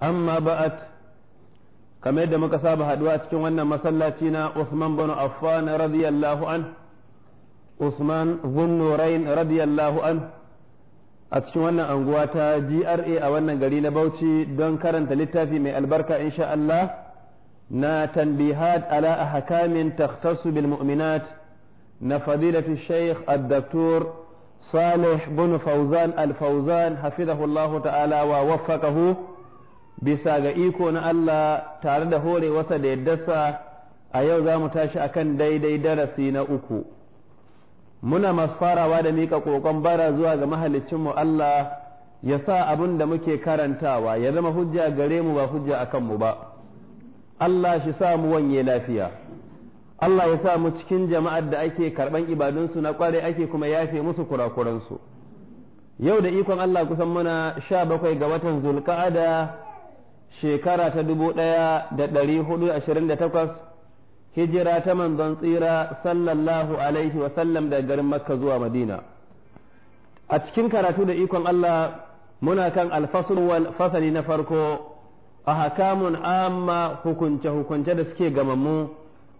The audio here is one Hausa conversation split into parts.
amma ba'at kamar yadda muka saba haduwa cikin wannan masallaci na Usman bin Affan radiyallahu an Usman Zunnurain radiyallahu an a cikin wannan anguwa ta GRA a wannan gari na Bauchi don karanta littafi mai albarka insha Allah na tanbihat ala ahkamin takhtassu bil mu'minat na fadilatu Sheikh Ad-Daktur Salih bin fauzan alfauzan fawzan hafizahu Allah ta'ala wa bisa ga iko na Allah tare da hore horewarsa da yaddarsa a yau za mu tashi akan daidai darasi na uku muna masu farawa da mika ƙoƙon bara zuwa ga mahalicinmu Allah ya sa abin da muke karantawa ya zama hujja gare mu ba hujja a kanmu ba Allah shi sa mu wanye lafiya Allah ya sa mu cikin jama'ar da ake karɓan ibadunsu na ƙware ake kuma yafe musu kurakuransu yau da ikon Allah kusan muna sha bakwai ga watan zulka'ada shekara ta dubu ɗaya da ɗari hudu ashirin da takwas hijira ta manzon tsira sallallahu alaihi wa sallam daga garin makka zuwa madina a cikin karatu da ikon Allah muna kan alfasuwal fasali na farko a hakamun amma hukunce-hukunce da suke gamammu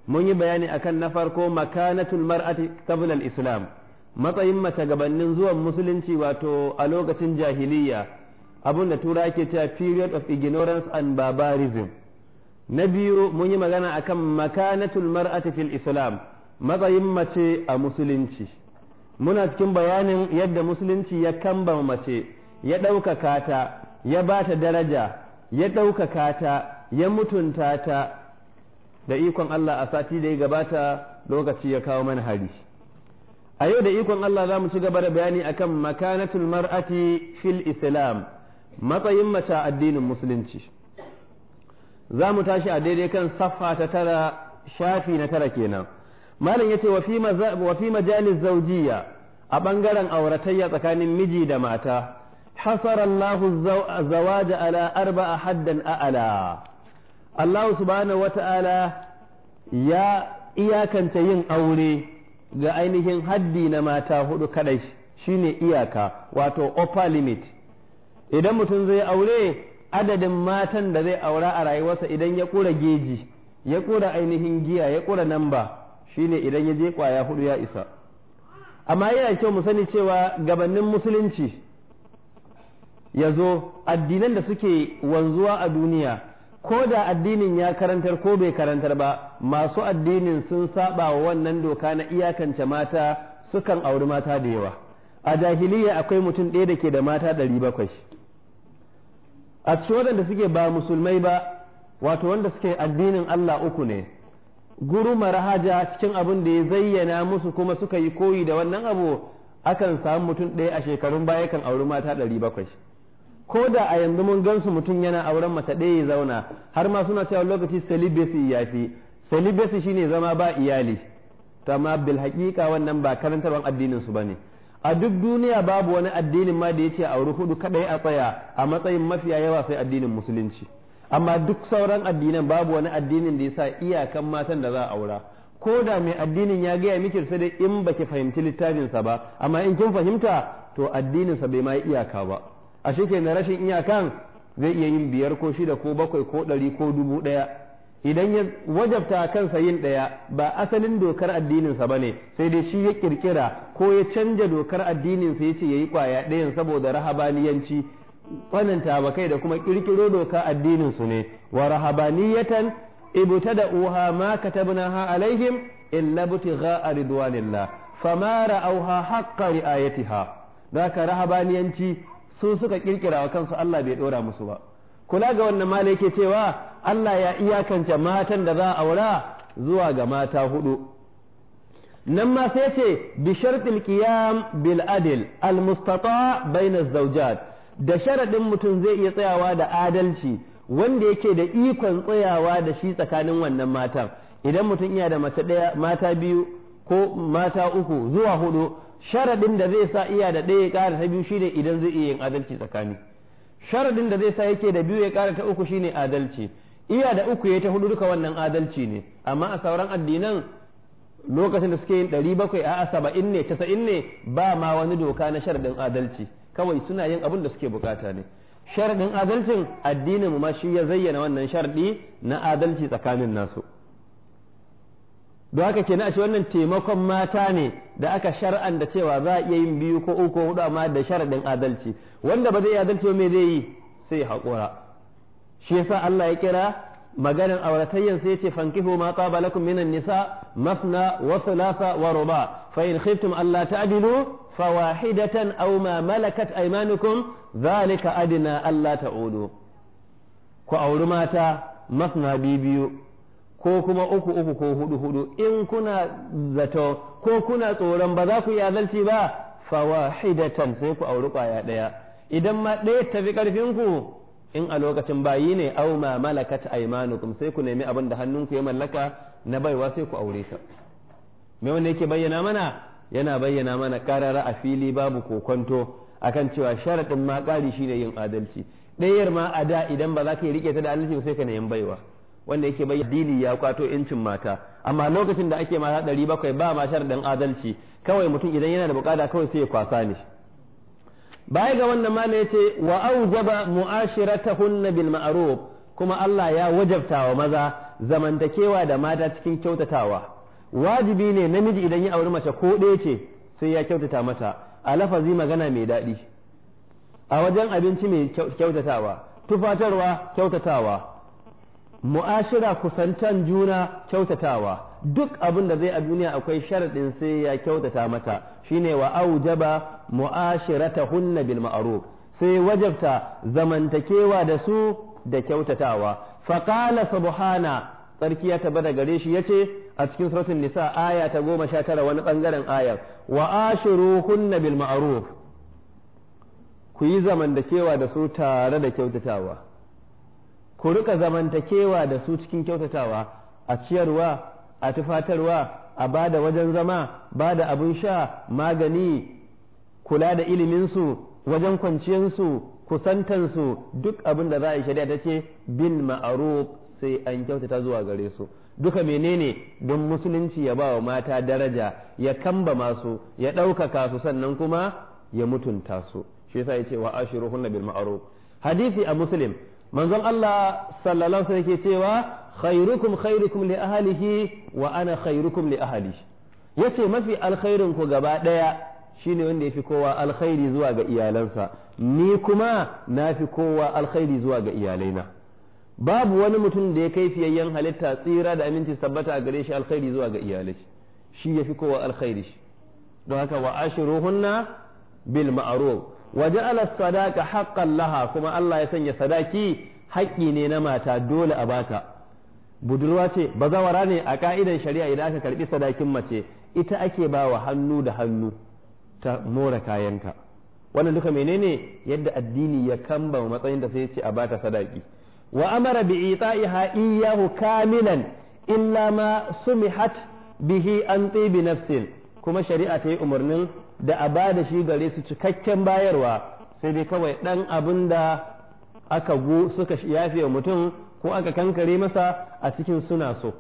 mun yi bayani akan na farko makanatul mar'ati qabla al-islam matsayin mace gabanin zuwan musulunci wato a lokacin jahiliya Abun da tura ake cewa period of ignorance and barbarism na biyu mun yi magana akan makanatul mar'ati fil islam matsayin mace a musulunci muna cikin bayanin yadda musulunci ya kamba mace ya ɗaukaka ta ya ba ta daraja ya ɗaukaka ta ya mutunta ta da ikon Allah a sati da ya gabata lokaci ya kawo mana hari a yau da ikon Allah za mu ci gaba da bayani akan makanatul mar'ati fil islam matsayin mace a addinin musulunci za mu tashi a daidai kan safa ta tara shafi na tara kenan malam ya ce wa fi majalis zawjiyya a ɓangaren auratayya tsakanin miji da mata hasara Allah zawaja ala arba'a haddan a'ala Allah subhanahu wata'ala ya iyakanta yin aure ga ainihin haddi na mata hudu kadai shine iyaka wato upper limit idan mutum zai aure adadin matan da zai aura a rayuwarsa idan ya kura geji ya kura ainihin giya ya kura namba shine idan ya je kwaya hudu ya isa amma yana kyau mu sani cewa gabanin musulunci ya zo addinan da suke wanzuwa a duniya ko da addinin ya karantar ko bai karantar ba masu addinin sun saba wa wannan doka na iyakance mata sukan auri mata da yawa a jahiliya akwai mutum ɗaya da ke da mata ɗari bakwai a cikin waɗanda suke ba musulmai ba wato wanda suke addinin Allah uku ne guru marahaja cikin abin da ya zayyana musu kuma suka yi koyi da wannan abu akan samu mutum ɗaya a shekarun baya kan auri mata ɗari bakwai ko da a yanzu mun gansu mutum yana auren mace ɗaya ya zauna har ma suna cewa lokaci celibacy ya fi celibacy shine zama ba iyali to amma bil haƙiƙa wannan ba karantarwar addinin su bane a duk duniya babu wani addinin ma da yace auri hudu kadai a tsaya a matsayin mafiya yawa sai addinin musulunci amma duk sauran addinan babu wani addinin da ya sa iyakan matan da za a aura ko da mai addinin ya gaya miki sai dai in baki fahimci littafinsa ba amma in kin fahimta to addininsa bai ma iyaka ba A ke rashin iyakan zai iya yin biyar ko shida ko bakwai ko ɗari ko dubu ɗaya idan ya wajabta kansa yin ɗaya ba asalin dokar addininsa ba ne sai dai shi ya kirkira ko ya canja dokar addininsa ya ce ya yi kwaya ɗayan saboda rahabaniyanci tsananta ba kai da kuma kirkiro doka addininsu ne wa rahabaniyatan uha ma ha alaihim illa a ridwanillah fama auha haqqa ri'ayatiha zaka rahabaniyanci su suka kirkira wa kansu Allah bai dora musu ba kula ga wannan malai ke cewa Allah ya iyakance matan da za a aura zuwa ga mata hudu nan ma sai ce bi shartil qiyam bil adl al mustata bainaz zawjat da sharadin mutum zai iya tsayawa da adalci wanda yake da ikon tsayawa da shi tsakanin wannan matan idan mutum iya da mace daya mata biyu ko mata uku zuwa hudu sharadin da zai sa iya da ɗaya ƙara ta biyu shine idan zai iya yin adalci tsakani sharadin da zai sa yake da biyu ya kara ta uku shine adalci iya da uku ya ta hudu duka wannan adalci ne amma a sauran addinan lokacin da suke yin ɗari bakwai a saba'in ne tasa'in ne ba ma wani doka na sharadin adalci kawai suna yin abin da suke bukata ne sharadin adalcin addinin mu ma shi ya zayyana wannan sharadi na adalci tsakanin nasu don haka kenan ashe wannan taimakon mata ne da aka shar'an da cewa za a iya yin biyu ko uku hudu amma da sharadin adalci wanda ba zai adalci ba me zai yi sai haƙura shi yasa Allah ya kira maganar auratayyan sai yace fankihu ma taba lakum minan nisa mafna wa thulatha wa ruba fa in khiftum alla ta'dilu fawahidatan aw ma malakat aymanukum dhalika adna alla ta'udu ku auri mata mafna biyu ko kuma uku uku ko hudu hudu in kuna zato ko kuna tsoron ba za ku yi adalci ba fawahidatan sai ku auri kwaya daya idan ma ɗaya tafi karfin ku in a lokacin bayi ne au ma malakat aymanukum sai ku nemi abin da hannunku ya mallaka na baiwa sai ku aure ta me wanda yake bayyana mana yana bayyana mana karara a fili babu kokonto akan cewa sharaɗin ma ƙari shine yin adalci ɗayar ma a da idan ba za ka yi riƙe ta da adalci sai ka nemi baiwa wanda yake bayyana dini ya kwato incin mata amma lokacin da ake mata ɗari bakwai ba ma sharɗin adalci kawai mutum idan yana da bukata kawai sai ya kwasa ne baya ga wannan ma ya ce wa aujaba mu'ashiratahunna bil ma'ruf kuma Allah ya wajabta wa maza zamantakewa da mata cikin kyautatawa wajibi ne namiji idan ya auri mace ko ɗaya ce sai ya kyautata mata a lafazi magana mai daɗi a wajen abinci mai kyautatawa tufatarwa kyautatawa mu'ashira kusantan juna kyautatawa duk abin da zai a duniya akwai sharadin sai ya kyautata mata shine wa aujaba hunna bil ma'ruf sai wajabta zamantakewa da su da kyautatawa qala subhana tsarki ya taba da gare shi yace a cikin suratul nisa aya ta goma sha tara wani bangaren ayar wa ashiruhunna bil ma'ruf ku yi zamantakewa da su tare da kyautatawa ku rika zamantakewa da su cikin kyautatawa a ciyarwa a tufatarwa a ba da wajen zama ba da abin sha magani kula da iliminsu wajen kwanciyarsu kusantansu duk abin da za a yi shari'a ta ce bin ma'aruf sai an kyautata zuwa gare su duka menene don musulunci ya ba wa mata daraja ya kamba masu ya ɗaukaka su sannan kuma ya mutunta su shi yasa ya ce wa hunna bil ma'ruf hadisi a muslim manzon Allah sallallahu alaihi wasallam yake cewa khairukum khairukum li ahlihi wa ana khairukum li ahli yace mafi alkhairin ku gaba daya shine wanda yafi kowa alkhairi zuwa ga iyalansa ni kuma nafi kowa alkhairi zuwa ga iyalaina babu wani mutum da ya kai fiyayyen halitta tsira da aminci tabbata a gare shi alkhairi zuwa ga iyalai shi yafi kowa alkhairi don haka wa ashiruhunna bil ma'ruf waje ja'ala sadaka haqqan laha kuma Allah ya sanya sadaki haƙƙi ne na mata dole a bata budurwa ce bazawara ne a ka'idan shari'a idan aka karbi sadakin mace ita ake bawa hannu da hannu ta more kayanka wannan duka menene yadda addini ya kamba matsayin da sai ce a bata sadaki wa amara bi ita'iha iyyahu kamilan illa ma sumihat bihi an tibi nafsin kuma shari'a ta yi umarnin da a ba da shi gare su cikakken bayarwa sai dai kawai ɗan abin da aka go suka yafe mutum ko aka kankare masa a cikin suna so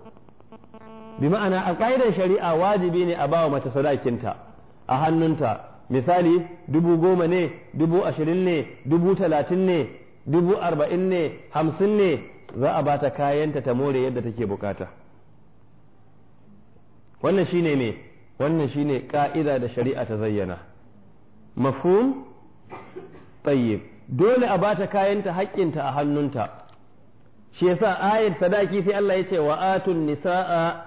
bi ma'ana a ƙa'idar shari'a wajibi ne a ba wa mace sadakinta a hannunta misali dubu goma ne dubu ashirin ne dubu talatin ne dubu arba'in ne hamsin ne za a ba ta kayanta ta more yadda take bukata wannan shine ne wannan shine ka'ida da shari'a ta zayyana mafhum tayyib dole a bata kayanta haƙƙinta a hannunta shi yasa ayat sadaki sai Allah ya ce wa atun nisaa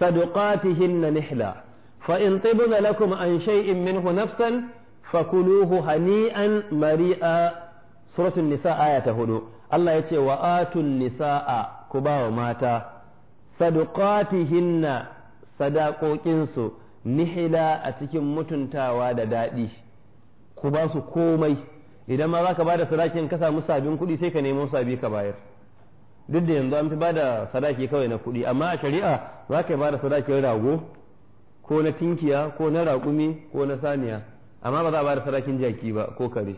sadaqatihinna nihla fa in tibna lakum an shay'in minhu nafsan fakuluhu hani'an mari'a suratul nisa ta hudu Allah ya ce wa nisaa ku ba wa mata sadaqatihinna sadakokinsu nihila a cikin mutuntawa da daɗi ku ba su komai idan ma za ka ba da sadakin ka samu sabin kuɗi sai ka nemo sabi ka bayar duk da yanzu an fi ba da sadaki kawai na kuɗi amma a shari'a za ka ba da sadakin rago ko na tinkiya ko na raƙumi ko na saniya amma ba za a ba da sadakin jaki ba ko kare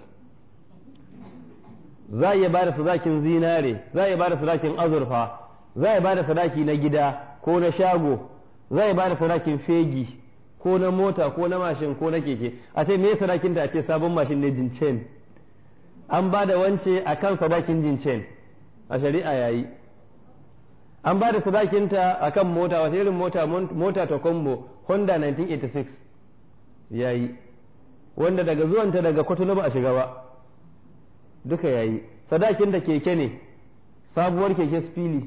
za a iya ba da sadakin zinare za a iya ba da sadakin azurfa za a iya ba da sadaki na gida ko na shago za a iya ba da sadakin fegi ko na mota ko na mashin ko na keke a ce me sadakin da a ce sabon mashin ne jincen an ba da wance a kan sadakin jincen a shari'a yayi an ba da sadakinta a kan mota wata irin mota mota ta combo honda 1986 yayi wanda daga zuwanta daga kwatuna ba a shiga ba duka yayi sadakin da keke ne sabuwar keke spili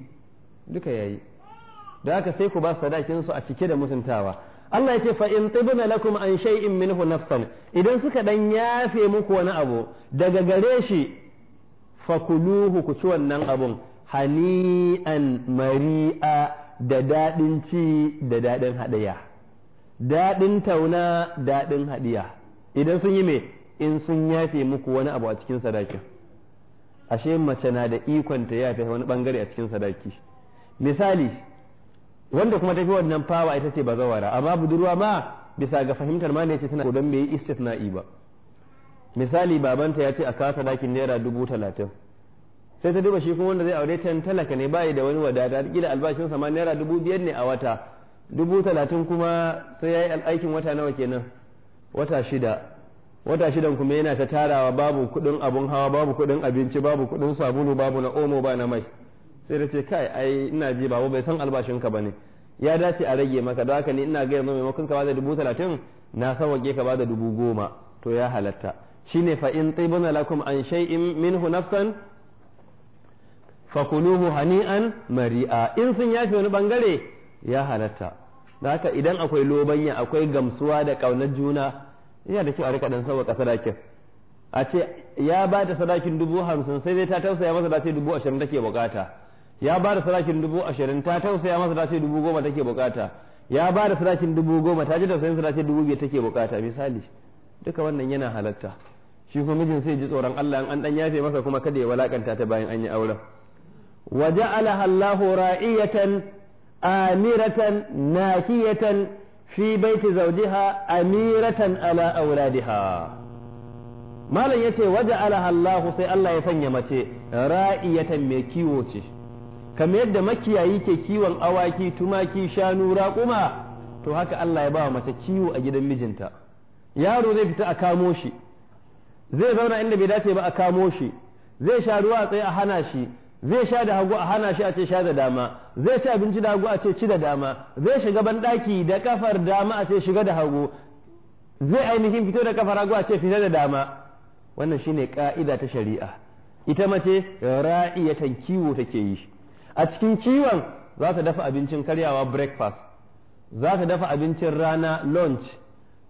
duka yayi da haka sai ku ba sadakin su a cike da mutuntawa Allah ya ce fa in tibna lakum an shay'in minhu nafsan idan suka dan yafe muku wani abu daga gare shi kuluhu ku ci wannan abun hani'an mari'a da dadin ci da dadin hadiya dadin tauna dadin hadiya idan sun yi me in sun yafe muku wani abu a cikin sadaki ashe mace na da ikon ta yafe wani bangare a cikin sadaki misali wanda kuma tafi wannan fawa ita ce bazawara amma budurwa ma bisa ga fahimtar ma ne ce tana don bai na'i ba misali babanta ya ce a kasa dakin naira dubu talatin sai ta duba shi kuma wanda zai aure ta talaka ne bai da wani wadata kila albashin sa ma naira dubu biyar ne a wata dubu talatin kuma sai ya yi aikin wata nawa kenan wata shida wata shidan kuma yana ta tarawa babu kudin abun hawa babu kudin abinci babu kudin sabulu babu na omo ba na mai sai da ce kai ai ina ji babu bai san albashinka ba ne ya dace a rage maka da haka ne ina ga yanzu maimakon ka bada dubu talatin na sawage ka bada dubu goma to ya halatta shine fa in tibuna lakum an shay'in minhu nafsan fakuluhu hani'an mari'a in sun yafi wani bangare ya halatta da haka idan akwai lobanya akwai gamsuwa da kaunar juna yana da kyau a rika dan sauka sadakin a ce ya ba da sadakin dubu hamsin sai dai ta tausaya masa da ce dubu ashirin take bukata ya ba da sarakin dubu ashirin ta tausaya masa ta ce dubu goma take bukata ya ba da sarakin dubu goma ta ji tausayin sa sarakin dubu biyar take bukata misali duka wannan yana halatta shi kuma mijin sai ji tsoron Allah an dan yafe masa kuma kada ya walakanta ta bayan an yi auren wa ja'alaha Allahu ra'iyatan amiratan nakiyatan fi baiti zawjiha amiratan ala auladiha malam yace wa ja'alaha Allahu sai Allah ya sanya mace ra'iyatan mai kiwo ce kamar yadda makiyayi ke kiwon awaki tumaki shanu raƙuma to haka Allah ya ba mace kiwo a gidan mijinta yaro zai fita a kamo shi zai zauna inda bai dace ba a kamo shi zai sha ruwa a tsaye a hana shi zai sha da hagu a hana shi a ce sha da dama zai ci abinci da hagu a ce ci da dama zai shiga banɗaki da kafar dama a ce shiga da hagu zai ainihin fito da kafar hagu a ce fita da dama wannan shine ka'ida ta shari'a ita mace ra'iyatan kiwo take yi a cikin kiwon za ta dafa abincin karyawa breakfast za ta dafa abincin rana lunch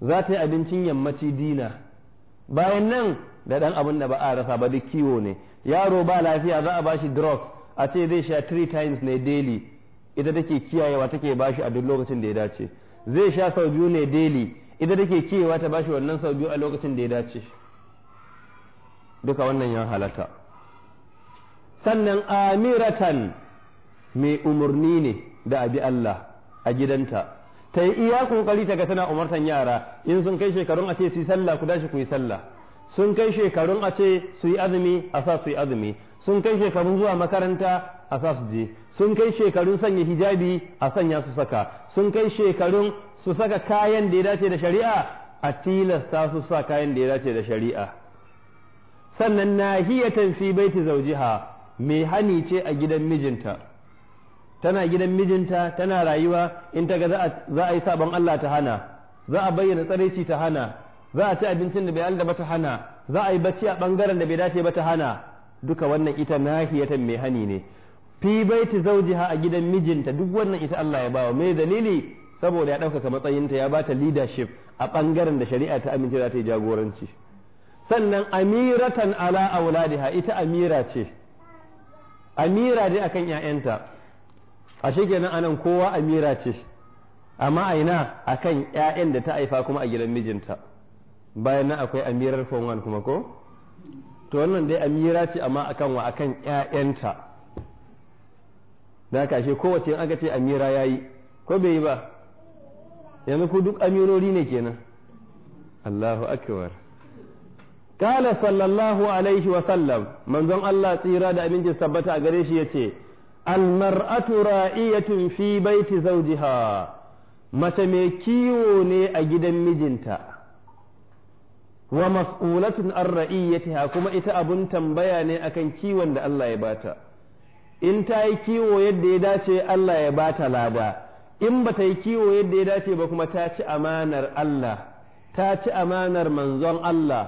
za ta yi abincin yammaci dina bayan nan da ɗan abin da ba a rasa ba duk kiwo ne yaro ba lafiya za a bashi drugs a ce zai sha three times ne daily ita take kiyayewa take bashi a duk lokacin da ya dace zai sha sau biyu ne daily ita take kiyayewa ta bashi wannan sau biyu a lokacin da ya dace duka wannan ya halata sannan amiratan mai umarni ne da abi Allah a gidanta ta yi iya kokari ta ga tana umartan yara in sun kai shekarun a ce su yi sallah ku dashi ku yi sallah sun kai shekarun a ce su yi azumi a sa su yi azumi sun kai shekarun zuwa makaranta a sa su je sun kai shekarun sanya hijabi a sanya su saka sun kai shekarun su saka kayan da ya dace da shari'a a tilasta su sa kayan da ya dace da shari'a sannan nahiyatan fi baiti zaujiha mai hani ce a gidan mijinta tana gidan mijinta tana rayuwa in ta ga za a yi sabon Allah ta hana za a bayyana tsaraici ta hana za a ci abincin da bai alda ba ta hana za a yi bacci a bangaren da bai dace ba ta hana duka wannan ita nahiyatan mai hani ne fi baiti zaujiha a gidan mijinta duk wannan ita Allah ya bawa mai dalili saboda ya ɗaukaka matsayinta ya bata leadership a bangaren da shari'a ta amince za ta yi jagoranci sannan amiratan ala auladiha ita amira ce amira dai akan 'ya'yanta ashe kenan anan kowa amira ce amma aina akan ƴaƴan da ta haifa kuma a gidan mijinta bayan nan akwai amirar fonwan kuma ko to wannan dai amira ce amma akan wa akan ƴaƴanta da kashe kowace aka ce amira yayi ko bai yi ba yanzu ku duk amirori ne kenan Allahu akbar قال صلى الله عليه وسلم من Allah tsira da aminci sabbata a gare shi yace almar'atu ra'iyatun fi baiti zawjiha mace mai kiwo ne a gidan mijinta wa mas'ulatun an ra'iyatiha kuma ita abun tambaya ne akan kiwon da Allah ya bata in ta yi kiwo yadda ya dace Allah ya bata lada in ba ta yi kiwo yadda ya dace ba kuma ta ci amanar Allah ta ci amanar manzon Allah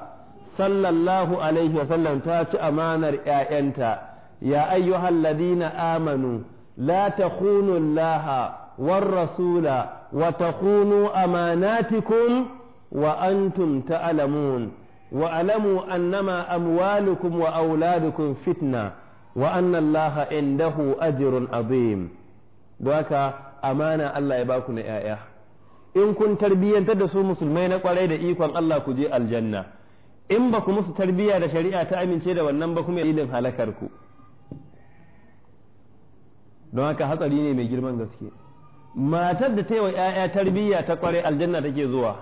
sallallahu alaihi sallam. ta ci amanar ‘ya'yanta ya ayyuhal ladina amanu la takhunu allaha war rasula wa takhunu amanatikum wa antum ta'lamun wa alamu annama wa auladukum fitna wa anna allaha indahu ajrun azim haka amana Allah ya baku na 'ya'ya in kun tarbiyyantar da su musulmai na ƙwarai da ikon Allah ku je aljanna in ba ku musu tarbiyya da shari'a ta amince da wannan ba kuma ilin halakar ku don haka hatsari ne mai girman gaske matar da ta yi wa 'ya'ya tarbiyya ta kware aljanna take zuwa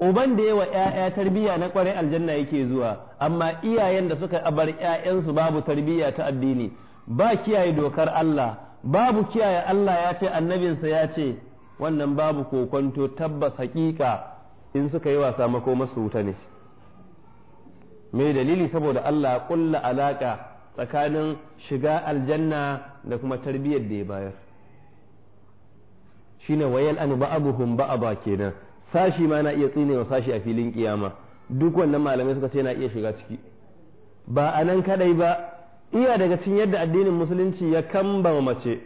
uban da ya wa 'ya'ya tarbiyya na kware aljanna yake zuwa amma iyayen da suka abar 'ya'yansu babu tarbiyya ta addini ba kiyaye dokar Allah babu kiyaye Allah ya ce annabinsa ya ce wannan babu kokonto tabbas hakika in suka yi wasa mako masu wuta ne mai dalili saboda Allah kulla alaka tsakanin shiga aljanna da kuma tarbiyyar da ya bayar shine wayal an ba'abuhum ba'aba kenan sashi ma na iya tsine wa sashi a filin kiyama duk wannan malamai suka ce na iya shiga ciki ba a nan kadai ba iya daga cikin yadda addinin musulunci ya kamba mace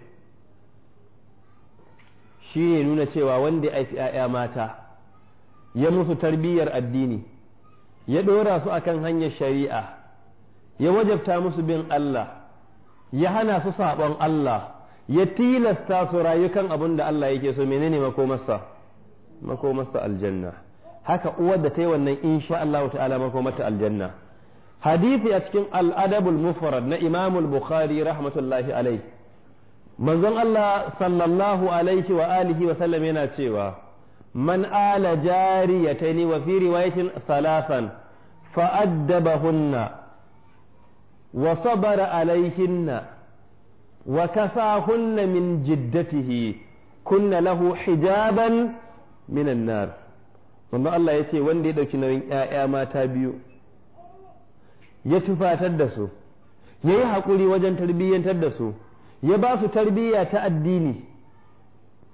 shi ne nuna cewa wanda ya haifi 'ya'ya mata ya musu tarbiyyar addini ya ɗora su akan hanyar shari'a ya wajabta musu bin Allah ya hana su saɓon Allah ya tilasta su rayukan abin da Allah yake so menene makomarsa makomarsa aljanna haka uwar da ta yi wannan insha Allah ta'ala makomarta aljanna hadisi a cikin al'adabul mufrad na imamul bukhari rahmatullahi alaihi manzon Allah sallallahu alaihi wa alihi wa sallam yana cewa man ala jariyataini wa fi riwayatin salasan fa'addabahunna wa sabara alaihinna wa kasahunna min jiddatihi kunna lahu hijaban minan nar wanda Allah ya ce wanda ya ɗauki nauyin ‘ya'ya mata biyu ya tufatar da su ya yi haƙuri wajen tarbiyyantar da su ya ba su tarbiyya ta addini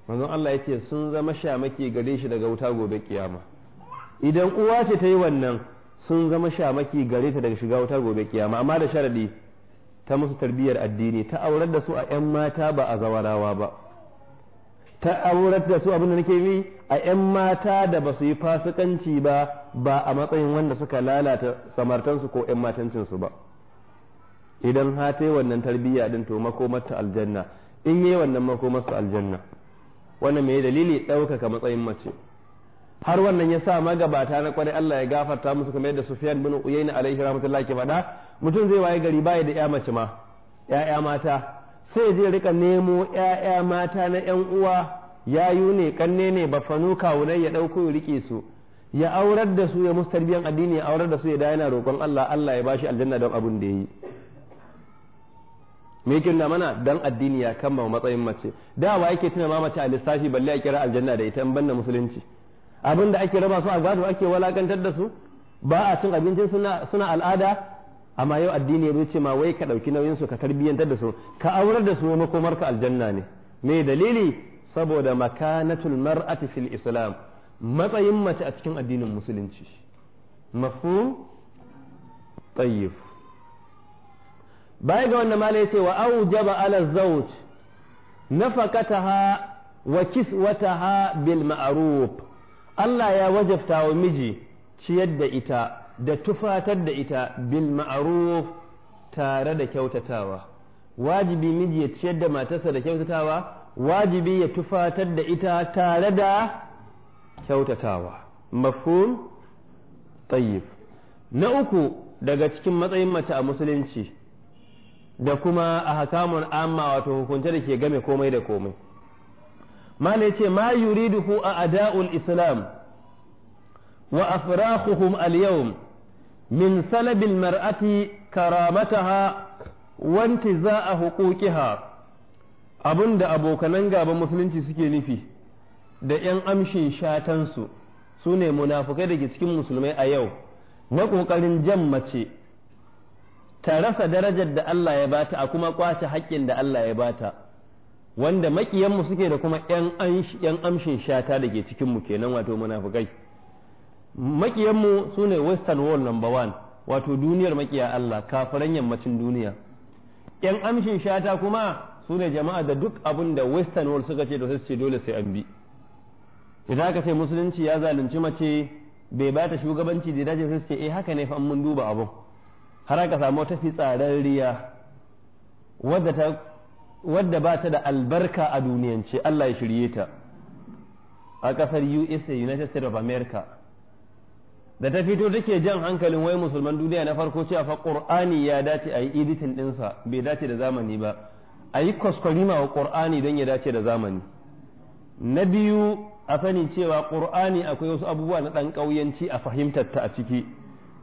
wanda Allah ya ce sun zama shamaki gare shi daga wuta gobe kiyama idan uwa ce ta yi wannan sun zama shamaki gare ta daga shiga wuta gobe kiyama amma da sharadi ta musu tarbiyyar addini ta aurar da su a 'yan mata ba a zawarawa ba ta aurar da su abin da nake yi a 'yan mata da ba su yi fasikanci ba ba a matsayin wanda suka lalata samartansu ko 'yan matancinsu ba idan ha ta yi wannan tarbiyya din to ta aljanna in yi wannan makomarsa aljanna wannan mai dalili ɗaukaka matsayin mace har wannan ya sa magabata na kwarai Allah ya gafarta musu kamar yadda Sufyan bin Uyayna alaihi rahmatullahi ke faɗa mutum zai waye gari baya da ƴa mace ma ƴaƴa mata sai zai rika nemo ƴaƴa mata na ƴan uwa yayu ne kanne ne bafanu kawunai ya ɗauko ya rike su ya aurar da su ya musu tarbiyan addini ya aurar da su ya da yana roƙon Allah Allah ya bashi aljanna don abin da ya yi me yake nuna mana dan addini ya kama matsayin mace da wa yake tuna ma mace a lissafi balle a kira aljanna da ita in banna musulunci abin da ake raba su a gado ake walakantar da su ba a cin abincin suna suna al'ada amma yau addini ya ce ma wai ka ɗauki nauyin su ka tarbiyyantar da su ka aurar da su makomar ka aljanna ne me dalili saboda makanatul mar'ati fil islam matsayin mace a cikin addinin musulunci mafhum tayyib baya ga wannan malai ce wa aujaba ala zawj nafaqataha wa kiswataha bil ma'ruf Allah ya wajabta wa miji ciyar da ita da tufatar da ita bil ma'ruf tare da kyautatawa wajibi miji ya ciyar da matarsa da kyautatawa wajibi ya tufatar da ita tare da kyautatawa mafhum tayyib na uku daga cikin matsayin mace a musulunci da kuma a hakamun amma wato hukunce da ke game komai da komai mala yace ma yuriduhu a ada'ul islam wa afrakhuhum al-yawm min salabil mar'ati karamataha wa intiza'a huquqiha abinda abokanan gaban musulunci suke nufi da 'yan amshin shatansu su ne munafukai da cikin musulmai a yau na ƙoƙarin jan mace ta rasa darajar da Allah ya bata a kuma kwace haƙƙin da Allah ya bata wanda makiyanmu suke da kuma ‘yan amshin shata da ke cikinmu kenan wato munafukai makiyanmu su ne western world number one wato duniyar makiya Allah kafiran yammacin duniya ‘yan amshin shata kuma su ne jama'a da duk abun da western world suka ce da su ce dole sai an bi idan aka ce musulunci ya zalunci mace bai bata shugabanci da dace sai ce eh haka ne fa mun duba abun har aka samu wata riya wadda ta wadda ba ta da albarka a duniyance Allah ya shirye ta a ƙasar USA United States of America da ta fito take jan hankalin wai musulman duniya na farko cewa fa Qur'ani ya dace a yi editing ɗinsa bai dace da zamani ba a yi kwaskwarima wa Qur'ani don ya dace da zamani na biyu a sani cewa Qur'ani akwai wasu abubuwa na ɗan ƙauyanci a fahimtar ta a ciki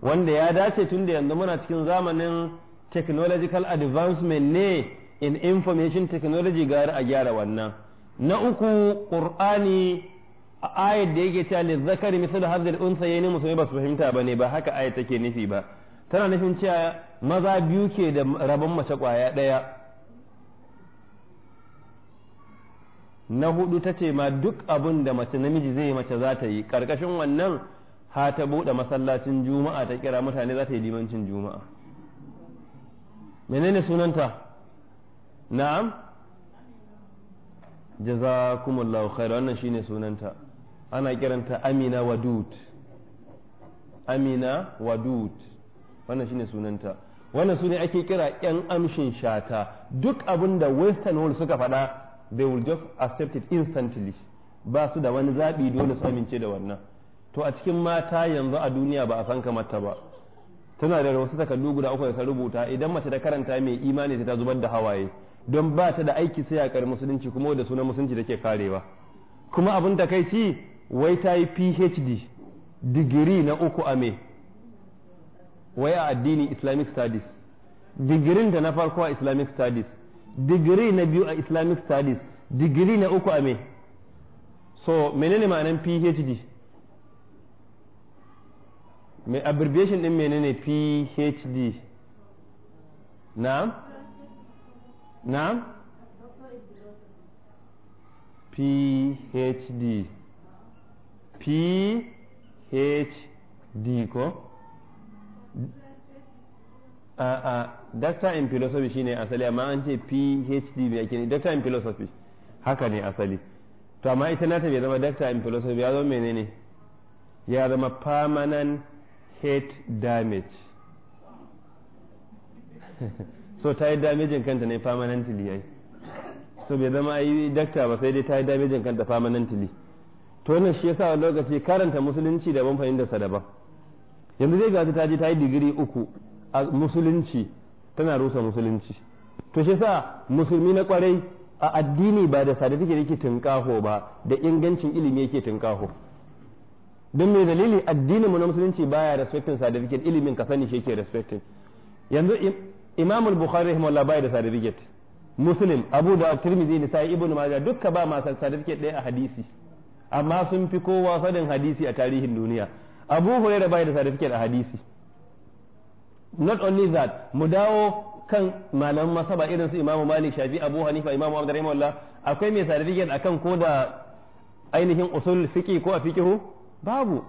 wanda ya dace tun da yanzu muna cikin zamanin technological advancement ne in information technology gari a gyara wannan na uku qur'ani a ayat da yake cewa lizzakari misal hadzal unsa yayin musulmi ba su fahimta bane ba haka ayat take nufi ba tana nufin cewa maza biyu ke da rabon mace kwaya daya na hudu ta ce ma duk abin da mace namiji zai mace za ta yi karkashin wannan ha ta buɗe masallacin juma'a ta kira mutane za ta yi limancin juma'a menene sunanta na'am jazakumullahu khair wannan shine sunanta ana kiranta amina wadud amina wadud wannan shine sunanta wannan sune ake kira yan amshin shata duk abin da western world suka faɗa they will just accept it instantly ba su da wani zaɓi dole su amince da wannan to a cikin mata yanzu a duniya ba a san kamata ba tana da wasu takardu guda uku da ta rubuta idan mace ta karanta mai imani ta zubar da hawaye don ba ta da aiki sai yakar musulunci kuma da sunan musulunci take karewa kuma abin ci wai ta yi phd digiri na uku a me wai a addini islamic studies digirin da na farko a islamic studies digiri na biyu a islamic studies digiri na uku a me so menene ma'anan phd mai abbreviation din menene phd na نعم PhD PhD ko a a doctor in philosophy shine asali amma an ce PhD me yake ne doctor in philosophy haka ne asali to amma ita nata bai zama doctor in philosophy ya zama menene ya zama permanent head damage so ta yi damejin kanta ne famanantili yayi so bai zama yi dakta ba sai dai ta yi damejin kanta famanantili to wannan shi yasa wani lokaci karanta musulunci daban da daban yanzu zai gasu ta je ta yi digiri uku a musulunci tana rusa musulunci to shi yasa musulmi na kwarai a addini ba da certificate yake tunkaho ba da ingancin ilimi yake tunkaho don me dalili addinin mu na musulunci baya respecting certificate ilimin ka sani shi yake respecting yanzu imam al-bukhari rahimahullah bai da certificate muslim abu da tirmidhi ne sai ibnu majah dukka ba ma certificate ɗaya a hadisi amma sun fi kowa sanin hadisi a tarihin duniya abu hurairah bai da certificate a hadisi not only that mu dawo kan malaman masaba irin su Imam malik shafi abu hanifa Imam abdurrahman akwai mai certificate akan ko da ainihin usul fiqi ko a fiqihu babu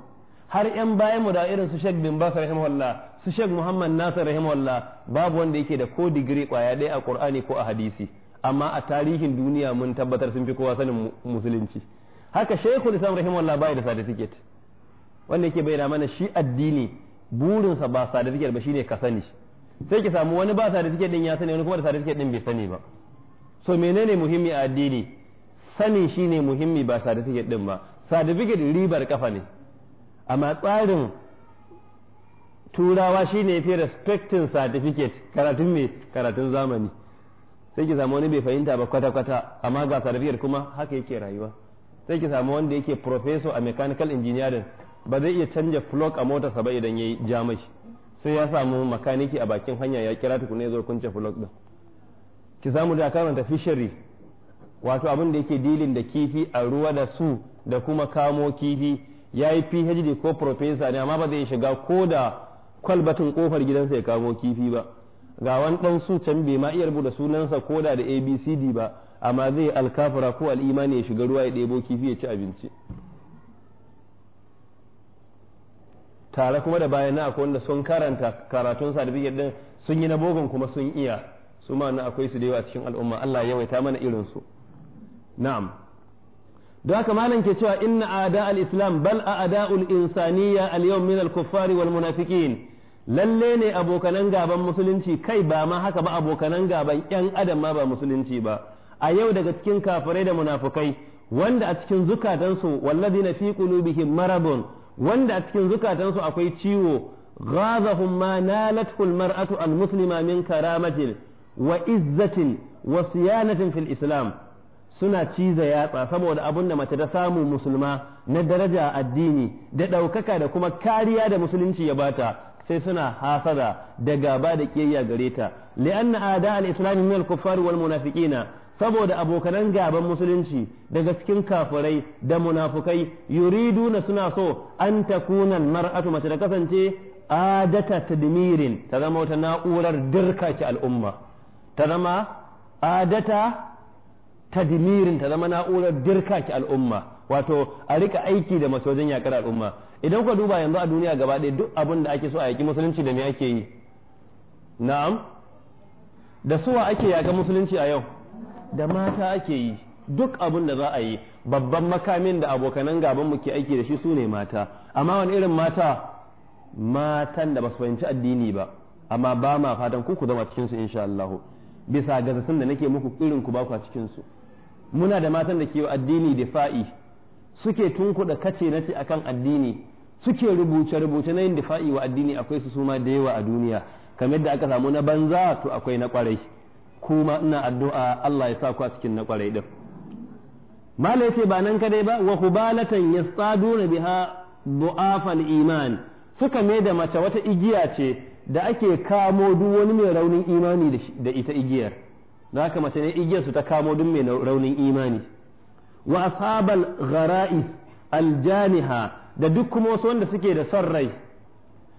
har yan bayan mu da irin su Sheikh bin Bas rahimahullah su Sheikh Muhammad Nasir rahimahullah babu wanda yake da ko digiri kwaya ɗaya a Qur'ani ko a hadisi amma a tarihin duniya mun tabbatar sun fi kowa sanin musulunci haka Sheikhul Islam rahimahullah bai da certificate wanda yake bayyana mana shi addini burinsa ba certificate ba shine ka sani sai ki samu wani ba certificate din ya sani wani kuma da certificate din bai sani ba so menene muhimmi a addini sanin shine muhimmi ba certificate din ba certificate ribar kafa ne amma tsarin turawa shine fi respecting certificate karatun mai karatun zamani sai ki samu wani bai fahimta ba kwata-kwata amma ga sarfiyar kuma haka yake rayuwa sai ki samu wanda yake professor a mechanical engineering ba zai iya canja flock a motarsa ba idan ya yi jamus sai ya samu makaniki a bakin hanya ya kira tukuna ya zo kunce flock din ki samu da karanta fishery wato abin da yake dilin da kifi a ruwa da su da kuma kamo kifi ya yi phd ko profesa ne amma ba zai shiga ko da kwalbatin kofar gidansa ya kamo kifi ba ga wani dan su can bai ma iya rubuta sunansa ko da da abcd ba amma zai alkafara ko al'imani ya shiga ruwa ya ɗebo kifi ya ci abinci tare kuma da bayan na akwai wanda sun karanta karatun bi din sun yi na bogon kuma sun iya su ma na akwai su da yawa cikin al'umma Allah ya yawaita mana irin su na'am don haka malam ke cewa inna ada al-islam bal a'da'ul insaniya al-yawm min al-kuffari wal munafiqin lalle ne abokanan gaban musulunci kai ba ma haka ba abokanan gaban yan adam ma ba musulunci ba a yau daga cikin kafirai da munafukai wanda a cikin zukatansu walladina fi qulubihim wanda a cikin zukatansu akwai ciwo ghazahum ma nalathu maratu al-muslima min karamatin wa izzatin wa siyanatin fil islam suna ciza yatsa saboda abin da mace ta samu musulma na daraja addini da ɗaukaka da kuma kariya da musulunci ya bata sai suna hasada da gaba da ƙiyayya gare ta li'anna ada al-islam min al-kuffar wal munafiqina saboda abokanan gaban musulunci daga cikin kafirai da munafukai yuriduna suna so an takuna mar'atu mace da kasance adata tadmirin ta zama wata na'urar dirka ki al'umma ta zama adata tadmirin ta zama na'urar dirka ki al'umma wato a rika aiki da masu wajen yakar al'umma idan ku duba yanzu a duniya gaba ɗaya duk abin da ake so a yaki musulunci da me ake yi na'am da suwa ake yaka musulunci a yau da mata ake yi duk abin da za a yi babban makamin da abokanan gaban mu ke aiki da shi su ne mata amma wani irin mata matan da ba su fahimci addini ba amma ba ma fatan ku ku zama cikin su insha Allah bisa ga da nake muku irin ku ba ku a cikin su muna da matan da ke addini da fa'i suke tunkuɗa kace na nace akan addini suke rubuce rubuce na yin da fa'i wa addini akwai su suma da yawa a duniya kamar da aka samu na banza to akwai na kwarai kuma ina addu'a Allah ya sa ku a cikin na kwarai din mala ce ba nan kadai ba wa hubalatan yastaduna biha bu'afan iman suka mai da mace wata igiya ce da ake kamo duk wani mai raunin imani da ita igiyar da haka mace ne igiyar su ta kamo duk mai raunin imani wa asabal gharai aljaniha da duk kuma wasu wanda suke da son rai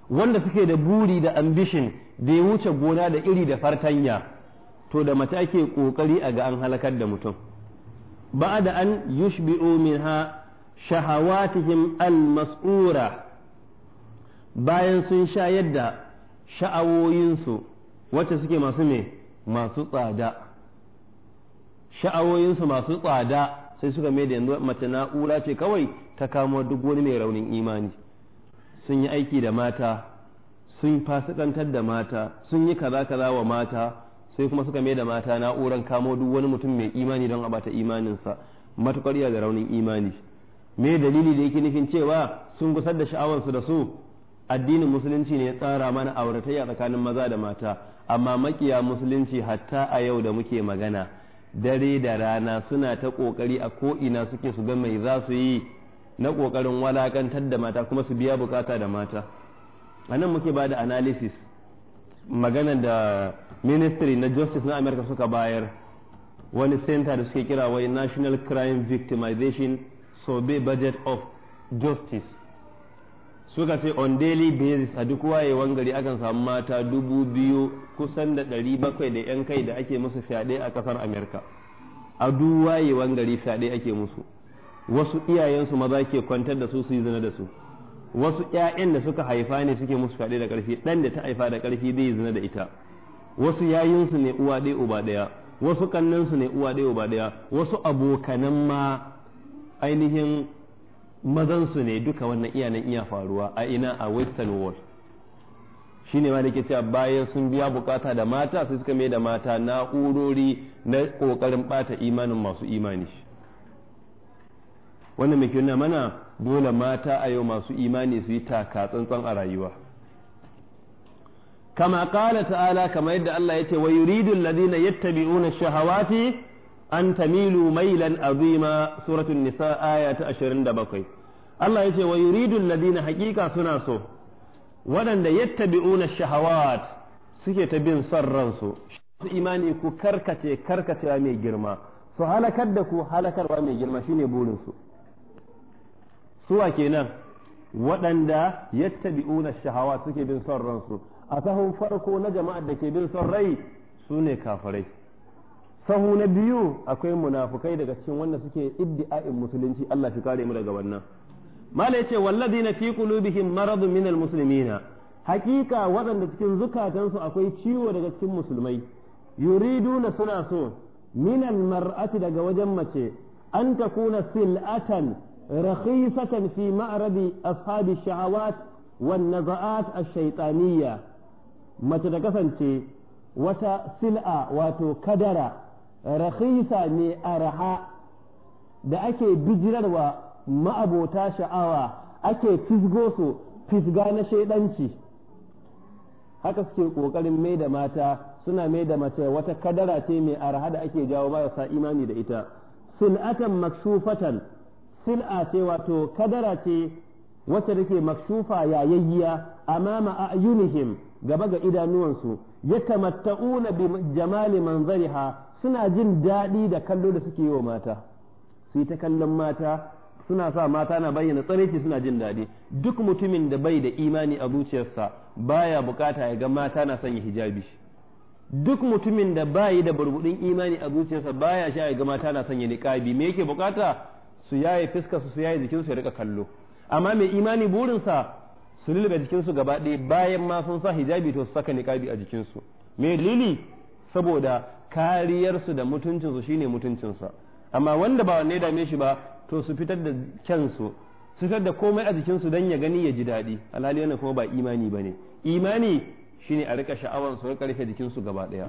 wanda suke da buri da ambition da ya wuce gona da iri da fartanya to da mace ake kokari a ga an halakar da mutum ba da an yushbi'u minha shahawatihim almas'ura almas'u'ra bayan sun sha yadda sha'awoyinsu wacce suke masu me masu tsada sha'awoyinsu masu tsada sai suka mai da yanzu mace na'ura ce kawai ta kamo duk wani mai raunin imani sun yi aiki da mata sun fasikantar da mata sun yi kaza kaza wa mata sai kuma suka mai da mata na'urar kamo duk wani mutum mai imani don a bata imaninsa matukar iya da raunin imani me dalili da yake nufin cewa sun gusar da sha'awarsu da su addinin musulunci ne ya tsara mana auratayya tsakanin maza da mata amma makiya musulunci hatta a yau da muke magana dare da rana suna ta ƙoƙari a ko'ina suke su ga mai za su yi na ƙoƙarin walakantar da mata kuma su biya bukata da mata a nan muke ba da analysis magana da ministry na justice na america suka bayar wani center da suke kira wai national crime victimization survey budget of justice suka ce on daily basis a duk wayewan gari akan samu mata dubu biyu kusan da ɗari bakwai da yan kai da ake musu fyaɗe a ƙasar amerika a duk wayewan gari fyaɗe ake musu wasu iyayensu maza ke kwantar da su su yi zina da su wasu ƴaƴan da suka haifa ne suke musu fyaɗe da ƙarfi ɗan da ta haifa da ƙarfi zai zina da ita wasu yayinsu ne uwa ɗaya uba ɗaya wasu kannansu ne uwa ɗaya uba ɗaya wasu abokanan ma ainihin mazansu ne duka wannan iyanan iya faruwa a ina a western world shi ne ke cewa bayan sun biya bukata da mata sai suka mai da mata na'urori na kokarin bata imanin masu imani wannan mai kyau mana dole mata a yau masu imani su yi taka tsantsan a rayuwa kama kala ta'ala kama yadda Allah ya ce wa yuridul ladina yattabi'una shahawati an tamilu mailan azima suratul nisa aya ta 27 Allah yace wa yuridul ladina haqiqa suna so waɗanda yattabi'una shahawat suke ta bin son ransu su imani ku karkace karkacewa mai girma su halakar da ku halakarwa mai girma shine burin su suwa kenan waɗanda yattabi'una shahawat suke bin son ransu a sahun farko na jama'ar da ke bin son rai su ne kafirai sahu na biyu akwai munafukai daga cikin wanda suke iddi'a'in musulunci Allah shi kare mu daga wannan mala yace walladina fi qulubihim maradun minal muslimina hakika waɗanda cikin zukatansu akwai ciwo daga cikin musulmai yuriduna suna so minal mar'ati daga wajen mace an takuna sil'atan rakhisatan fi ma'rabi ashabi shahawat wan naza'at ash-shaytaniyya mace da kasance wata sil'a wato kadara rakhisa mai araha da ake bijirarwa ma'abota sha'awa ake fisgo su fisga na shaidanci haka suke ƙoƙarin mai da mata suna mai da mace wata kadara ce mai araha da ake jawo marasa imani da ita sil'atan makshufatan sil'a ce wato kadara ce wacce take makshufa yayayya amama a'yunihim gaba ga idanuwansu yatamatta'una bi jamali manzariha suna jin daɗi da kallo da suke yi wa mata su yi ta kallon mata suna sa mata na bayyana tsaraici suna jin daɗi duk mutumin da bai da imani a zuciyarsa baya bukata ya ga mata na sanya hijabi duk mutumin da bai da burbudin imani a zuciyarsa baya sha ya ga mata na sanya niqabi me yake bukata su yaye fuska su yaye jikin su ya rika kallo amma mai imani burinsa su lulluɓe jikinsu gaba ɗaya bayan ma sun sa hijabi to su saka niqabi a jikinsu me lili saboda kariyarsu da mutuncinsu shine mutuncinsa amma wanda ba wanne ya dame shi ba to su fitar da kyansu su fitar da komai a jikinsu don ya gani ya ji daɗi alhali wannan kuma ba imani ba ne imani shine a rika sha'awar su rika rufe jikinsu gaba ɗaya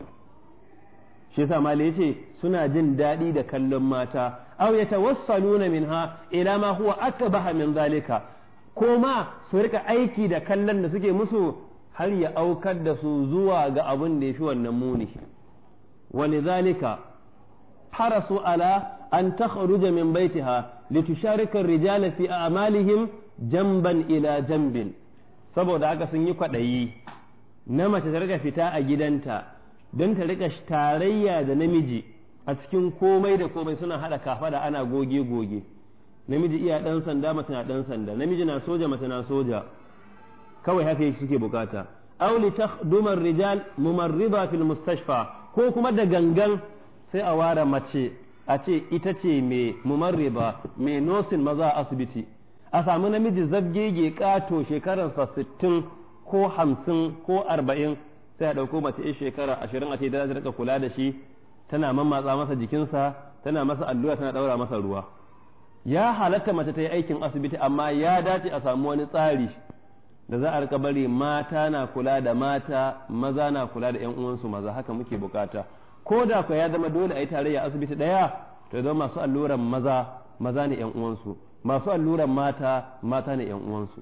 shi yasa mali yace suna jin daɗi da kallon mata aw yatawassaluna minha ila ma huwa akbaha min zalika ko ma su rika aiki da kallon da suke musu har ya aukar da su zuwa ga abin da yafi wannan muni ولذلك حرصوا على أن تخرج من بيتها لتشارك الرجال في أعمالهم جنبا إلى جنب saboda haka sun yi kwaɗayi na mace ta rika fita a gidanta don ta rika tarayya da namiji a cikin komai da komai suna haɗa kafa da ana goge-goge namiji iya ɗan sanda mace na ɗan sanda namiji na soja mace na soja kawai haka suke bukata auli ta dumar rijal mumarriba fil mustashfa ko kuma da gangan sai a ware mace a ce ita ce mai mumarriba mai nosin maza a asibiti a sami namiji zabgege kato shekararsa sittin ko hamsin ko arba'in sai a ɗauko mace in shekara ashirin a ce da rika kula da shi tana mammatsa masa jikinsa tana masa allura tana ɗaura masa ruwa ya halatta mace ta yi aikin asibiti amma ya dace a samu wani tsari da za a rika bari mata na kula da mata maza na kula da 'yan uwansu maza haka muke bukata ko da ku ya zama dole a yi tare tarayya asibiti ɗaya to zama masu alluran maza maza ne 'yan uwansu masu alluran mata mata ne 'yan uwansu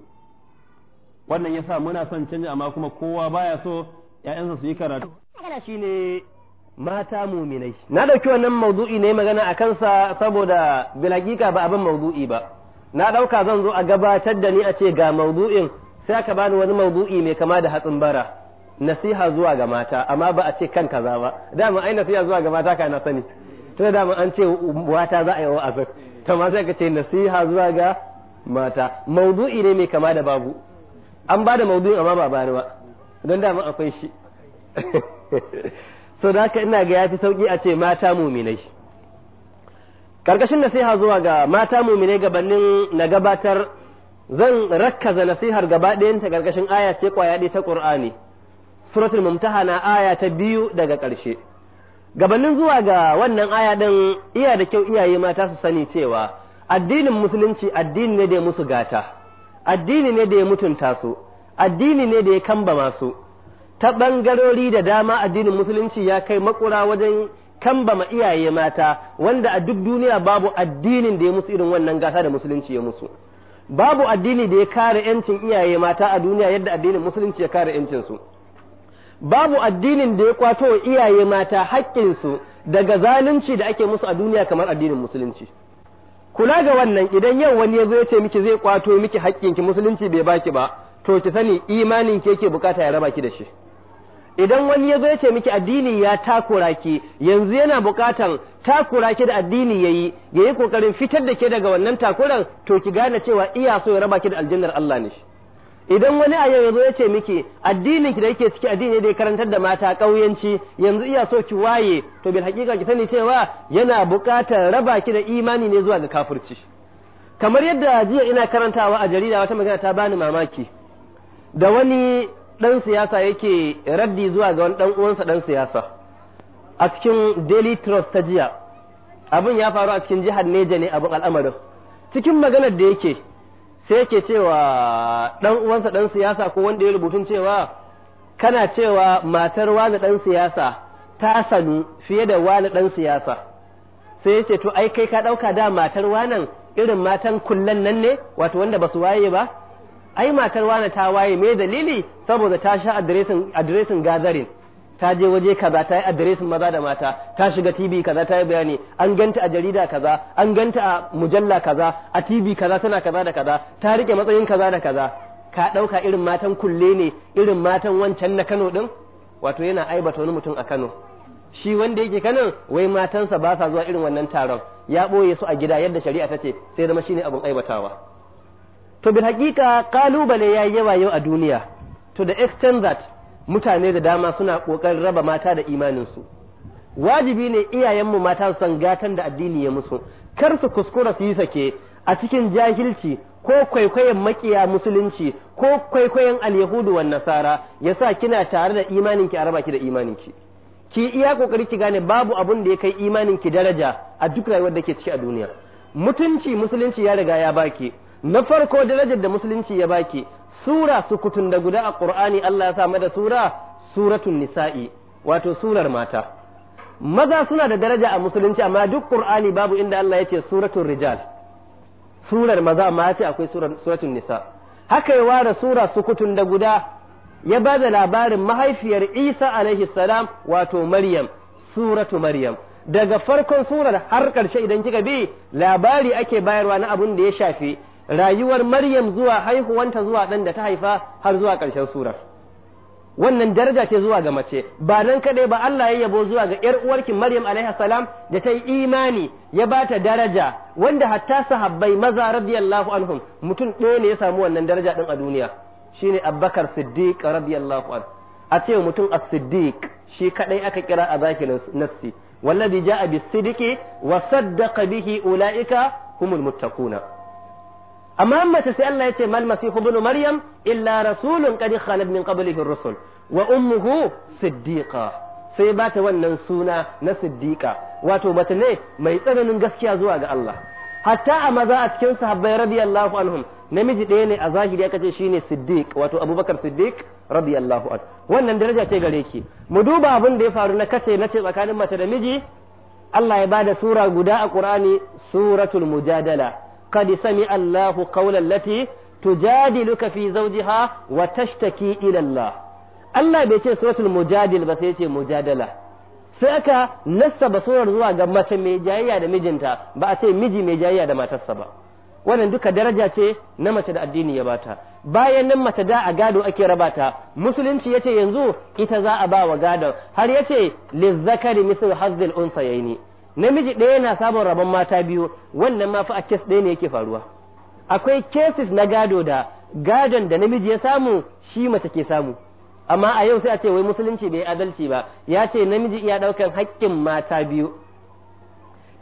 wannan yasa muna son canji amma kuma kowa baya so 'ya'yansa su yi karatu shi ne mata muminai na dauki wannan maudu'i ne magana a kansa saboda bilakika ba abin maudu'i ba na ɗauka zan zo a gabatar da ni a ce ga maudu'in sai aka bani wani mawdu'i mai kama da hatsin bara nasiha zuwa ga mata amma ba a ce kan kaza ba dama ai nasiha zuwa ga mata ka na sani tunda dama an ce wata za a yi wa'azi to ma sai ka ce nasiha zuwa ga mata maudu'i ne mai kama da babu an ba da maudu'i amma ba bani ba don dama akwai shi so da haka ina ga yafi sauki a ce mata muminai karkashin nasiha zuwa ga mata muminai gabanin na gabatar zan rakkaza nasihar gaba ɗayanta ƙarƙashin aya ce kwaya ɗaya ta ƙur'ani suratul mumtahana aya ta biyu daga ƙarshe gabanin zuwa ga wannan aya ɗin iya da kyau iyaye mata su sani cewa addinin musulunci addini ne da ya musu gata addini ne da ya mutunta su addini ne da ya kambama su ta ɓangarori da dama addinin musulunci ya kai makura wajen kambama iyaye mata wanda a duk duniya babu addinin da ya musu irin wannan gata da musulunci ya musu babu addini da ya kare yancin iyaye mata a duniya yadda addinin musulunci ya kare yancin su babu addinin da ya kwato iyaye mata haƙƙin su daga zalunci da ake musu a duniya kamar addinin musulunci kula ga wannan idan yau wani ya zo ya ce miki zai kwato miki haƙƙinki musulunci bai baki ba to ki sani imanin ke yake bukata ya raba ki da shi idan wani ya zo ya miki addini ya takura ki yanzu yana buƙatan takura ki da addini yayi yayi kokarin fitar da ke daga wannan takuran to ki gane cewa iya so ya raba ki da aljannar Allah ne idan wani a yau ya zo ya miki addinin ki da yake ciki addini da ya karantar da mata ƙauyenci yanzu iya so ki waye to bil hakika ki sani cewa yana buƙatar raba ki da imani ne zuwa ga kafirci kamar yadda jiya ina karantawa a jarida wata magana ta bani mamaki da wani ɗan siyasa yake raddi zuwa ga wani ɗan uwansa ɗan siyasa a cikin daily trust ta jiya abin ya faru a cikin jihar neja ne abin al'amarin cikin maganar da yake sai yake cewa ɗan uwansa ɗan siyasa ko wanda ya rubutun cewa kana cewa matar wani ɗan siyasa ta sanu fiye da wani ɗan siyasa sai ya ce to ai kai ka ɗauka da matar wanan irin matan kullan nan ne wato wanda ba su waye ba ai matar wani ta waye mai dalili saboda ta sha adireshin gazarin ta je waje kaza ta yi adireshin maza da mata ta shiga TV kaza ta yi bayani an ganta a jarida kaza an ganta a mujalla kaza a TV kaza tana kaza da kaza ta rike matsayin kaza da kaza ka ɗauka irin matan kulle ne irin matan wancan na Kano din wato yana aibata wani mutum a Kano shi wanda yake kanan wai matansa ba sa zuwa irin wannan taron ya ɓoye su a gida yadda shari'a ta ce sai zama shi ne abin aibatawa to bin hakika kalubale yi yawa yau a duniya to the extent that mutane da dama suna kokarin raba mata da imaninsu wajibi ne iyayenmu mata su san gatan da addini ya musu kar su kuskura su yi sake a cikin jahilci ko kwaikwayon makiya musulunci ko kwaikwayon alyahudu wan nasara yasa kina tare da imaninki a raba ki da imaninki ki iya kokari ki gane babu abun da ya kai ki daraja a duk rayuwar da ke ciki a duniya mutunci musulunci ya riga ya baki na farko darajar da musulunci ya baki sura sukutun da guda a qur'ani Allah ya sa da sura suratul nisa'i wato surar mata maza suna da daraja a musulunci amma duk qur'ani babu inda Allah ce suratul rijal surar maza amma yace akwai surar nisa haka ya ware sura sukutun da guda ya ba da labarin mahaifiyar Isa alaihi salam wato Maryam suratu Maryam daga farkon surar har ƙarshe idan kika bi labari ake bayarwa na abun da ya shafi rayuwar Maryam zuwa haihuwanta zuwa ɗan da ta haifa har zuwa ƙarshen surar. Wannan daraja ce zuwa ga mace, ba nan kaɗai ba Allah ya yabo zuwa ga ‘yar uwarki Maryam alaihi salam da ta yi imani ya ba ta daraja wanda hatta sahabbai maza radiyallahu anhum mutum ɗaya ne ya samu wannan daraja ɗin a duniya shine Abubakar Siddiq radiyallahu anhu. A ce mutum as-Siddiq shi kaɗai aka kira a zahirin nassi. Wallazi ja'a bis-sidiki wa saddaqa bihi ula'ika humul muttaquna. amma mace sai Allah ya ce mal masihu ibn maryam illa rasulun qad khalat min qablihi rusul wa ummuhu siddiqa sai ba ta wannan suna na siddiqa wato mace ne mai tsananin gaskiya zuwa ga Allah hatta a maza a cikin sahabbai radiyallahu anhum namiji ɗaya ne a zahiri aka ce shine siddiq wato abubakar siddiq radiyallahu anhu wannan daraja ce gare ki mu duba abin da ya faru na kace na ce tsakanin mace da miji Allah ya bada sura guda a Qur'ani suratul mujadala قد سمع الله قول التي تجادلك في زوجها وتشتكي إلى الله Allah bai ce suratul mujadil ba sai ce mujadala sai aka nassaba surar zuwa ga mace mai jayayya da mijinta ba a ce miji mai jayayya da matarsa ba wannan duka daraja ce na mace da addini ya bata bayan nan mace da a gado ake raba ta musulunci yace yanzu ita za a ba wa gadon har yace lizzakari misl hazzil unsayaini namiji ɗaya na samun rabon mata biyu wannan ma fa a kes ɗaya ne yake faruwa akwai cases na gado da gadon da namiji ya samu shi mace ke samu amma a yau sai a ce wai musulunci bai adalci ba ya ce namiji iya ɗaukan haƙƙin mata biyu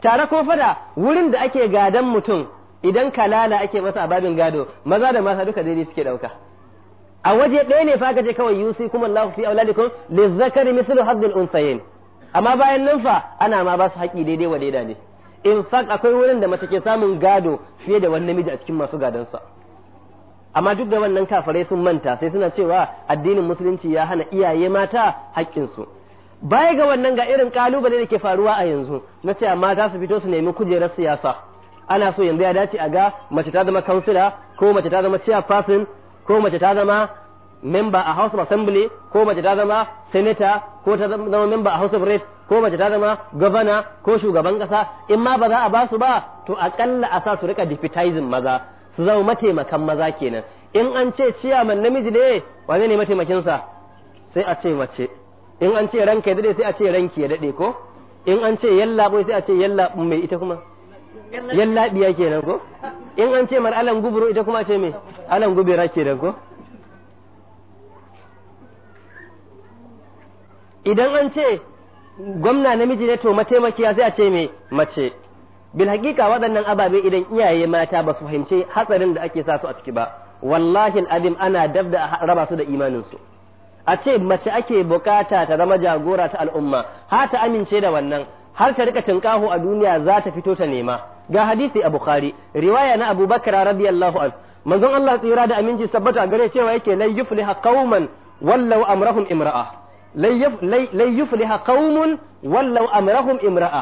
tare ko fada wurin da ake gadon mutum idan kalala ake masa a babin gado maza da mata duka daidai suke ɗauka a waje ɗaya ne fa ka je kawai yusi kuma Allah fi auladikum lizzakari mislu haddul unsayin amma bayan nan fa ana ma ba su haƙi daidai wa daida ne in fact akwai wurin da mace ke samun gado fiye da wani namiji a cikin masu gadon sa amma duk da wannan kafirai sun manta sai suna cewa addinin musulunci ya hana iyaye mata haƙƙinsu baya ga wannan ga irin kalubale da ke faruwa a yanzu na ce amma za su fito su nemi kujerar siyasa ana so yanzu ya dace a ga mace ta zama kansila ko mace ta zama chairperson ko mace ta zama Member a House of Assembly ko mace ta zama senator ko ta zama member a House of Reps ko mace ta zama governor ko shugaban kasa in ma ba za a ba su ba to akalla a sa su rika deputizing maza su zama mataimakan maza kenan in an ce ciyaman namiji ne wane ne mataimakin sa sai a ce mace in an ce ranka ya dade sai a ce ranki ya dade ko in an ce yalla sai a ce yalla mai ita kuma yalla biya kenan ko in an ce mar alan guburo ita kuma a ce mai alan gubera kenan ko idan an ce gwamna namiji ne to mataimakiya sai a ce me mace bil hakika waɗannan ababe idan iyaye mata ba su fahimce hatsarin da ake sa su a ciki ba wallahi abin ana dabda da raba su da imanin su a ce mace ake bukata ta zama jagora ta al'umma har ta amince da wannan har ta rika tinkaho a duniya za ta fito ta nema ga hadisi a bukhari riwaya na abubakar radiyallahu an manzon Allah tsira da aminci sabbata gare cewa yake lan yufliha qauman wallau amrahum imra'a lai yufliha qaumun wallau amrahum imra'a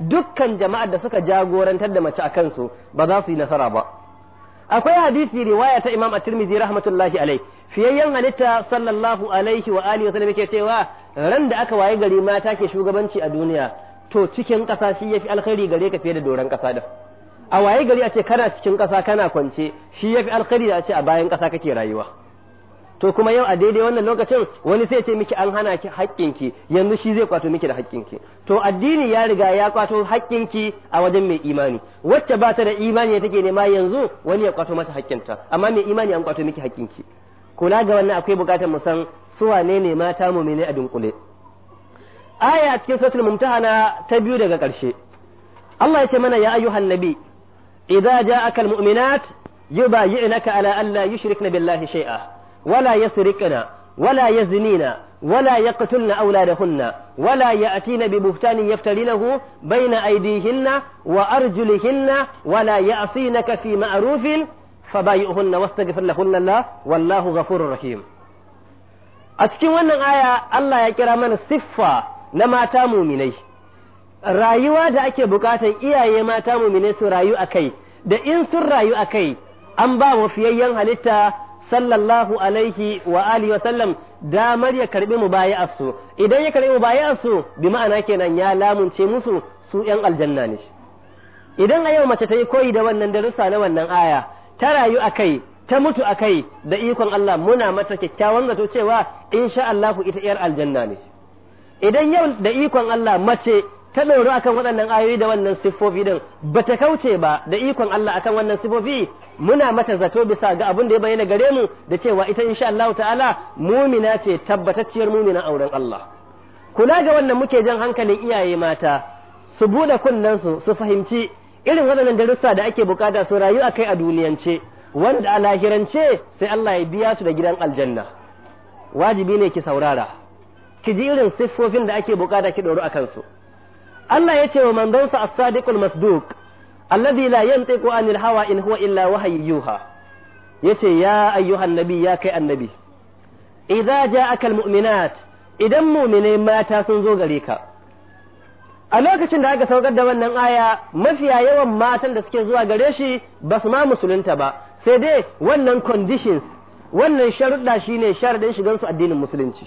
dukkan jama'ar da suka jagorantar da mace a kansu ba za su yi nasara ba akwai hadisi riwaya ta Imam At-Tirmidhi rahmatullahi alai fiyayyen halitta sallallahu alaihi wa alihi wasallam yake cewa ran da aka waye gari mata ke shugabanci a duniya to cikin kasa shi yafi alkhairi gare ka fiye da doron kasa da a waye gari a ce kana cikin kasa kana kwance shi yafi alkhairi da a ce a bayan kasa kake rayuwa to kuma yau a daidai wannan lokacin wani sai ce miki an hana ki haƙƙinki yanzu shi zai kwato miki da haƙƙinki to addini ya riga ya kwato haƙƙinki a wajen mai imani wacce ba ta da imani ne take nema yanzu wani ya kwato mata haƙƙinta amma mai imani an kwato miki haƙƙinki kula ga wannan akwai buƙatar mu san su wane ne mata mumine a dunkule aya a cikin suratul mumtahana ta biyu daga ƙarshe Allah ya ce mana ya ayyuhan nabi idza ja'aka almu'minat yubayyi'naka ala an la yushrikna billahi shay'a ولا يسرقن ولا يزنين ولا يقتلن أولادهن ولا يأتين ببهتان يفترينه بين أيديهن وأرجلهن ولا يعصينك في معروف فبايئهن واستغفر لهن الله والله غفور رحيم a cikin wannan aya Allah ya kira mana siffa na mata muminai rayuwa da ake bukatan iyaye mata muminai su rayu a kai da in sun rayu a kai an ba wa fiyayyen halitta sallallahu alaihi wa alihi wa sallam damar ya karbi mubayi'ar su idan ya karbi mubayi'ar su bi ma'ana kenan ya lamunce musu su yan aljanna ne idan a yau mace ta yi koyi da wannan darussa na wannan aya ta rayu akai ta mutu akai da ikon Allah muna mata kyakkyawan zato cewa insha Allah ita yar aljanna ne idan yau da ikon Allah mace ta ɗauru akan waɗannan ayoyi da wannan siffofi din ba ta kauce ba da ikon Allah akan wannan siffofi muna mata zato bisa ga abin da ya bayyana gare mu da cewa ita insha Allah ta'ala mumina ce tabbatacciyar mumina auren Allah kula ga wannan muke jan hankalin iyaye mata su bude kunnen su su fahimci irin waɗannan darussa da ake bukata su rayu akai a duniyance wanda a lahirance sai Allah ya biya su da gidan aljanna wajibi ne ki saurara ki ji irin siffofin da ake bukata ki ɗoru a kansu Allah ya ce wa manzonsa as-sadiqul masduq alladhi la yantiqu anil hawa in huwa illa wahyi yuha yace ya ayyuhan nabi ya kai annabi idza ja'aka almu'minat idan mu'minai mata sun zo gare ka a lokacin da aka saukar da wannan aya mafiya yawan matan da suke zuwa gare shi ba su ma musulunta ba sai dai wannan conditions wannan sharuɗa shine sharadin shigansu addinin musulunci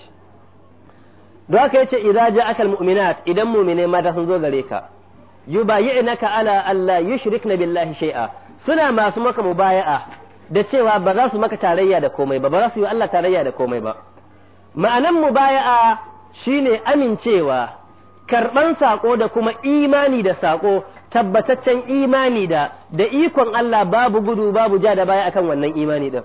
don haka yace idza ja'aka almu'minat idan mu'mine mata sun zo gare ka yubayyi'naka ala alla yushrikna billahi shay'a suna masu maka mubaya'a da cewa ba za su maka tarayya da komai ba ba za su yi Allah tarayya da komai ba ma'anan mubaya'a shine amincewa karban sako da kuma imani da sako tabbataccen imani da da ikon Allah babu gudu babu ja da baya akan wannan imani din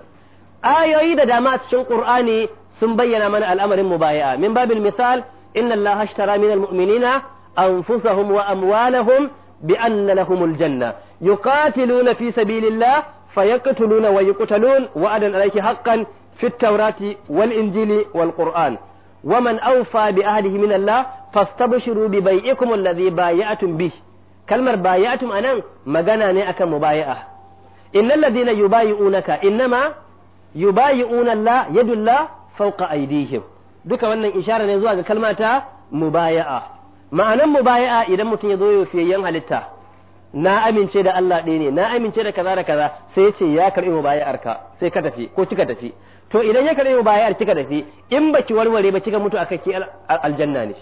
ayoyi da dama a cikin Qur'ani sun bayyana mana al'amarin mubaya'a min babil misal inna Allah ashtara min almu'minina anfusahum wa amwalahum bi anna lahumul janna yuqatiluna fi sabilillah fayaqtuluna wa yuqtalun wa adan alayhi haqqan fi at-taurati wal injili wal qur'an wa man awfa bi ahlihi min Allah fastabshiru bi bay'ikum alladhi bay'atum bih kalmar bay'atum anan magana ne akan mubaya'a innal ladina yubayi'unaka innama yubayi'una Allah yadullah fauka aidihim duka wannan ishara ne zuwa ga kalma ta mubaya'a ma'anan mubaya'a idan mutum ya zo ya fiyayyen halitta na amince da Allah ɗaya ne na amince da kaza da kaza sai ce ya karɓi mubaya'ar ka sai ka tafi ko kika tafi to idan ya karɓi mubaya'ar kika tafi in baki warware ba kika mutu akai ki aljanna ne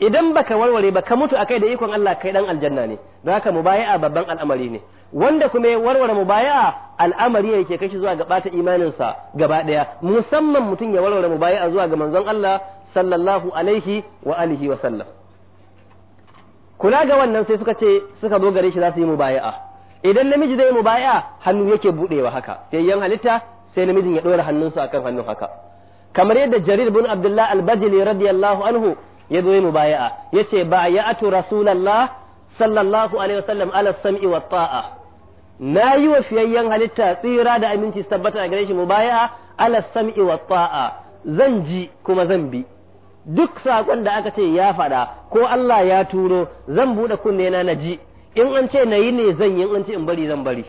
idan baka warware ba ka mutu akai da ikon Allah kai dan aljanna ne don haka mubaya'a babban al'amari ne wanda kuma ya warware mubaya al'amari ya ke kashi zuwa ga bata imaninsa gaba ɗaya musamman mutum ya warware mubaya'a zuwa ga manzon Allah sallallahu alaihi wa alihi wa sallam kula ga wannan sai suka ce suka zo gare shi za su yi mubaya idan namiji zai mubaya hannu yake buɗewa haka Sai yan halitta sai namijin ya ɗora hannunsa kan hannun haka kamar yadda Jarir bin Abdullah al-Bajili radiyallahu anhu ya zo yi mubaya'a yace atu rasulullah sallallahu alaihi wasallam ala sam'i wa ta'a na yi wa fiyayyen halitta tsira da aminci su tabbata a gare shi baya ala sam'i wa ta'a zan ji kuma zan bi duk sakon da aka ce ya faɗa ko Allah ya turo zan buɗe kunne na na ji in an ce na yi ne zan yi in an ce in bari zan bari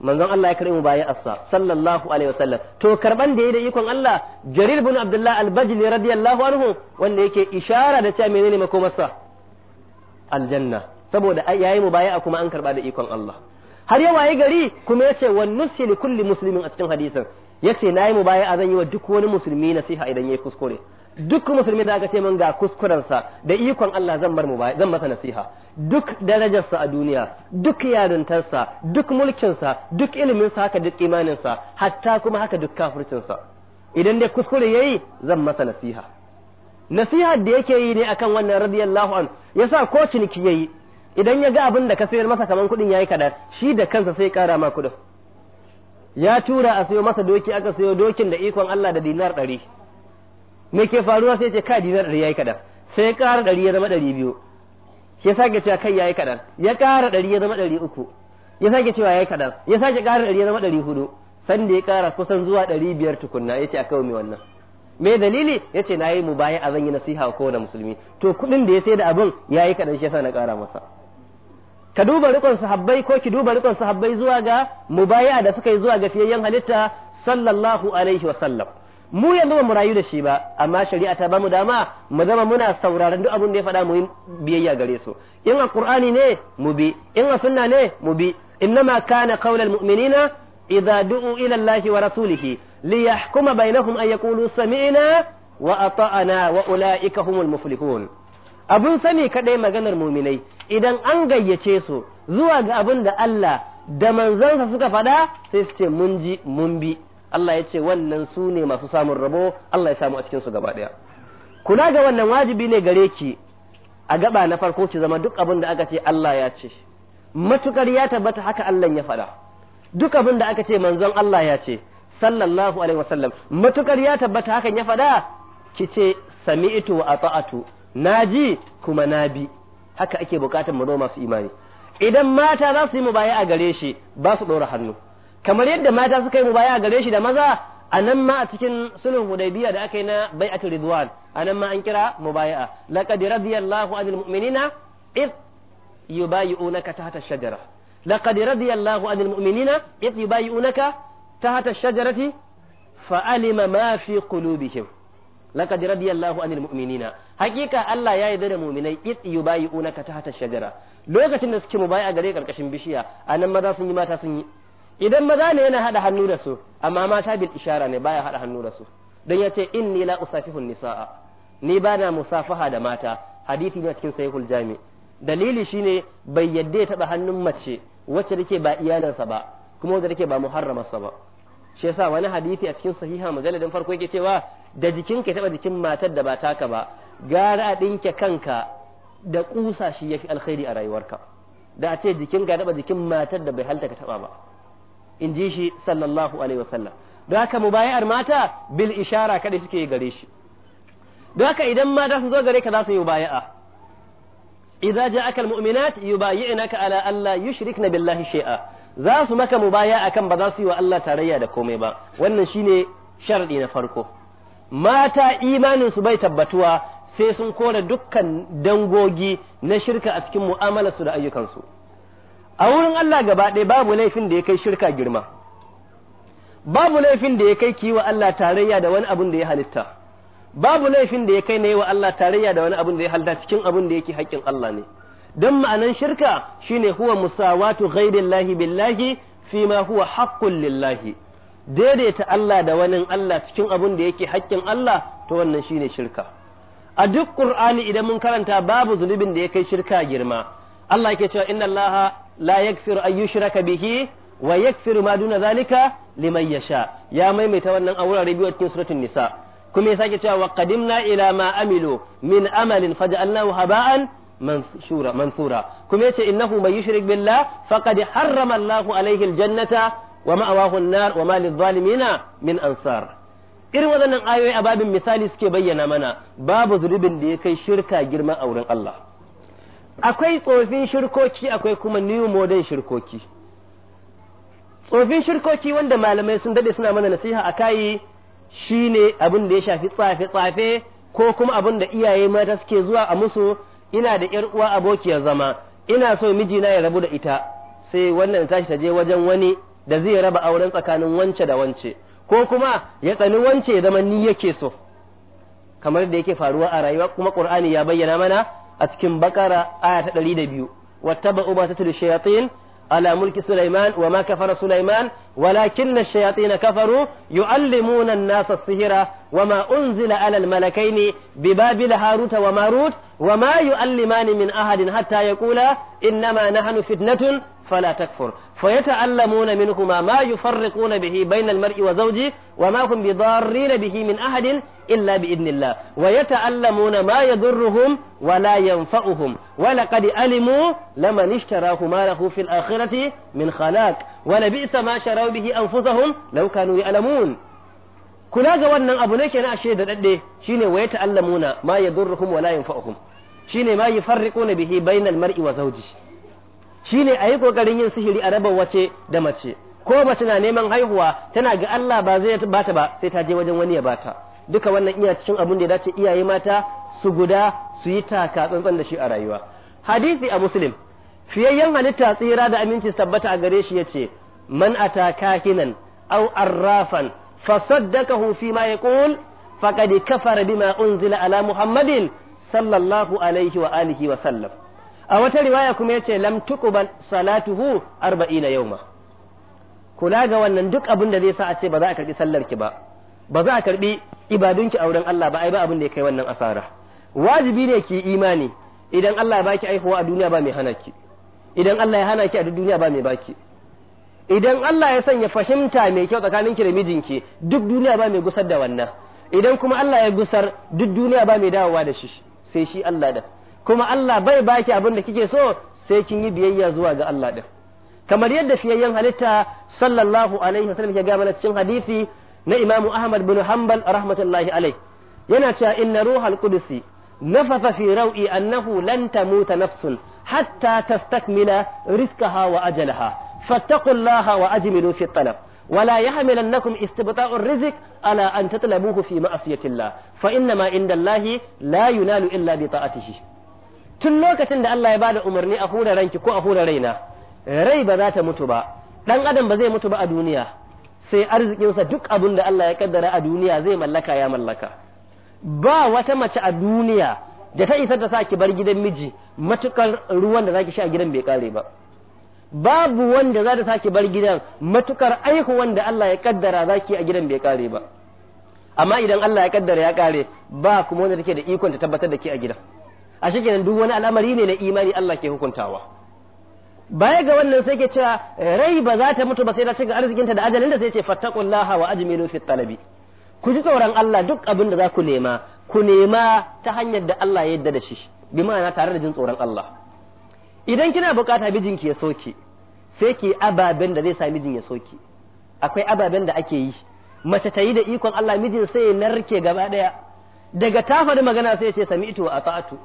manzon Allah ya baya assa sallallahu alaihi wasallam to karban da yayi da ikon Allah Jarir ibn Abdullah al-Bajli radiyallahu anhu wanda yake ishara da cewa menene makomarsa aljanna saboda yayi baya kuma an karba da ikon Allah har ya waye gari kuma yace wan nusi li kulli muslimin a cikin hadisin yace nayi mu baya zan yi wa duk wani musulmi nasiha idan yayi kuskure duk musulmi da aka ce min ga kuskurensa da ikon Allah zan bar mu zan masa nasiha duk darajarsa a duniya duk yarintarsa duk mulkinsa duk iliminsa haka duk imaninsa hatta kuma haka duk kafircinsa idan dai kuskure yayi zan masa nasiha nasiha da yake yi ne akan wannan radiyallahu an yasa ko ciniki yayi idan ya ga abin da ka sayar masa kaman kuɗin yayi kaɗan shi da kansa sai ƙara ma kuɗin ya tura a sayo masa doki aka sayo dokin da ikon Allah da dinar ɗari me ke faruwa sai ce ka dinar ɗari yayi kaɗan sai ya ƙara ɗari ya zama ɗari biyu ya sake cewa kai yayi kaɗan ya ƙara ɗari ya zama ɗari uku ya sake cewa yayi kaɗan ya sake ƙara ɗari ya zama ɗari hudu da ya ƙara kusan zuwa ɗari biyar tukunna ya ce a kawo mai wannan me dalili ya ce na yi mu baya a zan yi nasiha wa kowane musulmi to kuɗin da ya sai da abin ya yi shi yasa na ƙara masa ka duba rikon sahabbai ko ki duba rikon sahabbai zuwa ga mubaya da suka yi zuwa ga fiyayyen halitta sallallahu alaihi wa sallam mu yanzu ba mu rayu da shi ba amma shari'a ta mu dama mu zama muna sauraron duk abin da ya faɗa mu biyayya gare su in a qur'ani ne mu bi in a sunna ne mu bi innama kana qaulal mu'minina idza du'u ila allahi wa rasulihi liyahkuma bainahum an yaqulu sami'na wa ata'na wa ulaika humul muflihun abun sani kadai maganar muminai idan an gayyace su zuwa ga abin da Allah da manzansa suka faɗa sai su ce mun ji mun bi Allah ya ce wannan su ne masu samun rabo Allah ya samu a cikinsu gaba ɗaya kula ga wannan wajibi ne gare ki a gaba na farko ki zama duk abin da aka ce Allah ya ce matukar ya tabbata haka Allah ya faɗa duk abin da aka ce manzon Allah ya ce sallallahu alaihi wasallam matukar ya tabbata hakan ya faɗa ki ce sami'tu wa ata'atu naji kuma nabi haka ake bukatar mu masu imani idan mata za su yi mubaya a gare shi ba su ɗora hannu kamar yadda mata suka yi mubaya a gare shi da maza a nan ma a cikin sulhun hudaybiya da aka yi na bai'atul ridwan a nan ma an kira mubaya'a laqad radiyallahu anil mu'minina id yubayi'unaka tahta shajara laqad radiyallahu anil mu'minina id yubayi'unaka tahta shajarati fa'alima ma fi qulubihim laqad radiyallahu anil mu'minina hakika Allah ya yarda da mu'minai id yubayi'unaka tahta shajara lokacin da suke mubaya gare karkashin bishiya anan maza sun yi mata sun yi idan maza ne yana hada hannu da su amma mata bil ishara ne baya hada hannu da su dan yace inni la usafihu nisaa ni bana musafaha da mata hadisi na cikin sahihul jami dalili shine bai yadda ya taba hannun mace wacce take ba iyalansa ba kuma wacce take ba mu muharramarsa ba shi yasa wani hadisi a cikin sahiha majaladin farko yake cewa da jikin ka taba jikin matar da ba taka ba gara a dinke kanka da kusa shi yafi alkhairi a rayuwarka da a ce jikin ka taba jikin matar da bai halta ka taba ba in ji shi sallallahu alaihi wasallam don haka mubayar mata bil ishara kada suke gare shi don haka idan mata sun zo gare ka za su yi mubaya'a idza ja'aka al-mu'minat yubayyi'naka ala alla yushrikna billahi shay'a za su maka mubaya akan ba za su yi wa Allah tarayya da komai ba wannan shine sharadi na farko mata imanin su bai tabbatuwa sai sun kore dukkan dangogi na shirka a cikin mu'amalarsu da ayyukansu a wurin Allah gaba ɗaya babu laifin da ya kai shirka girma babu laifin da ya kai ki wa Allah tarayya da wani abun da ya halitta babu laifin da ya kai na yi wa Allah tarayya da wani abun da ya halitta cikin abun da yake haƙƙin Allah ne don ma'anan shirka shine huwa musawatu lahi billahi fi ma huwa haƙƙun lillahi daidaita Allah da wani Allah cikin abin da yake haƙƙin Allah to wannan shine shirka a duk Qur'ani idan mun karanta babu zunubin da ya kai shirka girma Allah yake cewa inna Allah la yaghfiru an yushraka bihi wa yaghfiru ma duna zalika liman yasha ya maimaita wannan a wuraren biyu cikin suratul nisa kuma ya sake cewa wa qadimna ila ma amilu min amalin faj'alnahu haba'an mansura mansura kuma yace innahu may yushrik billah faqad harrama Allahu alaihi aljannata wa ma'awahu an-nar wa ma lidh-dhalimina min ansar irin waɗannan ayoyi a misali suke bayyana mana babu zunubin da ya kai shirka girman a Allah akwai tsofin shirkoki akwai kuma new modern shirkoki tsofin shirkoki wanda malamai sun dade suna mana nasiha a kayi shine abin da ya shafi tsafe tsafe ko kuma abin da iyaye mata suke zuwa a musu ina da ƴar uwa abokiyar zama ina so mijina ya rabu da ita sai wannan tashi ta je wajen wani da zai raba auren tsakanin wance da wance ko kuma ya tsani wance ya zama ni yake so kamar da yake faruwa a rayuwa kuma Qur'ani ya bayyana mana a cikin Bakara aya ta 102 wattaba'u ta tatlu shayatin ala mulki Sulaiman wa ma kafara Sulaiman ولكن الشياطين كفروا يعلمون الناس السحر وما أنزل على الملكين ببابل هاروت وماروت وما يعلمان من أحد حتى يقولا إنما نحن فتنة فلا تكفر فيتعلمون منهما ما يفرقون به بين المرء وزوجه وما هم بضارين به من أحد إلا بإذن الله ويتعلمون ما يضرهم ولا ينفعهم ولقد علموا لمن اشتراه ماله له في الآخرة من خلاق wala bi'sa ma sharaw bihi anfusahum law kanu ya'lamun kula ga wannan abu ne kenan ashe da dadde shine wa ta'allamuna ma yadurruhum wala yanfa'uhum shine ma na bihi bainal mar'i wa zawjihi shine ayi kokarin yin sihiri a raba wace da mace ko mace na neman haihuwa tana ga Allah ba zai bata ba sai ta je wajen wani ya bata duka wannan iya cikin abin da ya dace iyaye mata su guda su yi taka tsantsan da shi a rayuwa hadisi a muslim fiyayyen halitta tsira da aminci tabbata a gare shi ya ce man ata kahinan aw arrafan fasaddaqahu fi ma yaqul faqad kafara bima unzila ala muhammadin sallallahu alaihi wa alihi wa sallam a wata riwaya kuma yace lam tuqbal salatuhu 40 yawma kula ga wannan duk abin da zai sa a ce ba za a karbi sallar ki ba ba za a karbi ibadunki a wurin Allah ba ai ba abin da ya kai wannan asara wajibi ne ki imani idan Allah ya baki aihuwa a duniya ba mai hana ki idan Allah ya hana ki a duniya ba mai baki idan Allah ya sanya fahimta mai kyau tsakanin ki da mijinki duk duniya ba mai gusar da wannan idan kuma Allah ya gusar duk duniya ba mai dawowa da shi sai shi Allah da kuma Allah bai baki abin da kike so sai kin yi biyayya zuwa ga Allah din kamar yadda fiyayyen halitta sallallahu alaihi wasallam ke ga mana cikin hadisi na Imam Ahmad bin Hanbal rahmatullahi alaihi yana cewa inna ruhal qudsi nafatha fi raw'i annahu lan tamuta nafsun hatta tastakmila rizqaha wa ajalaha fattaqullaha wa ajmilu fi talab ولا يحملنكم استبطاء الرزق على أن تطلبوه في معصية الله فإنما عند الله لا ينال إلا بطاعته tun lokacin da Allah ya bada umarni a hura ranki ko a hura raina rai ba za ta mutu ba dan adam ba zai mutu ba a duniya sai arzikinsa duk abin da Allah ya kaddara a duniya zai mallaka ya mallaka ba wata mace a duniya da ta isar da sa ki bar gidan miji matukar ruwan da zaki sha gidan bai kare ba babu wanda za ta saki bar gidan matukar aihuwan da Allah ya kaddara zaki a gidan bai kare ba amma idan Allah ya kaddara ya kare ba kuma wanda take da ikon ta tabbatar da ke a gidan a kenan duk wani al'amari ne na imani Allah ke hukuntawa baya ga wannan sai ke cewa rai ba za ta mutu ba sai ta cika arzikinta da ajalin da sai ce fattaqullaha wa ajmilu fit talabi ku ji tsoron Allah duk abin da za ku nema ku nema ta hanyar da Allah ya yarda da shi bi ma'ana tare da jin tsoron Allah idan kina bukata mijinki ya soke sai ki ababen da zai sa mijin ya soke akwai ababen da ake yi mace ta yi da ikon Allah mijin sai ya narke gaba daya daga ta faɗi magana sai ya ce sami'tu wa ata'tu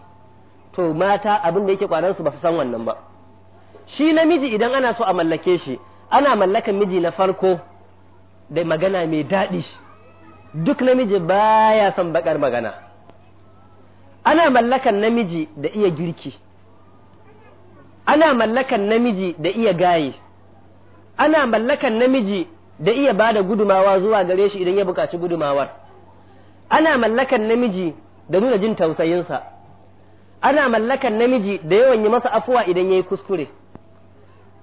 to mata abin da yake kwanan su ba su san wannan ba shi namiji idan ana so a mallake shi ana mallakan miji na farko da magana mai daɗi duk namiji baya son bakar magana ana mallakan namiji da iya girki ana mallakan namiji da iya gaye ana mallakan namiji da iya bada da gudumawa zuwa gare shi idan ya buƙaci gudumawar ana mallakan namiji da nuna jin tausayinsa ana mallakan namiji da yawan yi masa afuwa idan ya yi kuskure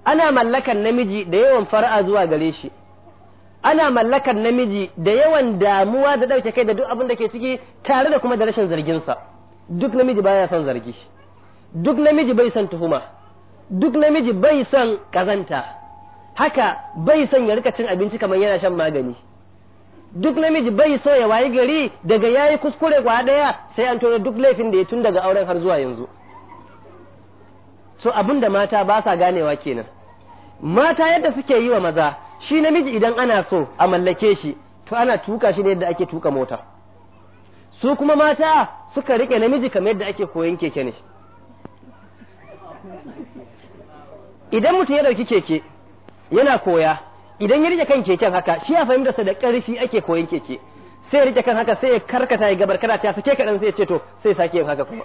ana mallakan namiji da yawan fara'a zuwa gare shi ana mallakar namiji da yawan damuwa da ɗauke kai da duk abin da ke ciki tare da kuma da rashin zarginsa duk namiji baya son zargi duk namiji bai son tuhuma duk namiji bai son kazanta haka bai son ya rika cin abinci kamar yana shan magani duk namiji bai so ya wayi gari daga yayi kuskure kwa daya sai an tona duk laifin da ya tun daga auren har zuwa yanzu so abin da mata ba sa ganewa kenan mata yadda suke yi wa maza shi namiji idan ana so a mallake shi to ana tuka shi ne yadda ake tuka mota su kuma mata suka rike namiji kamar yadda ake koyon keke ne idan mutum ya dauki keke yana koya idan ya rike kan keken haka shi ya fahimta da karfi ake koyon keke sai ya rike kan haka sai ya karkata ya gabar ta sake kadan sai ya ce to sai sake yin haka kuma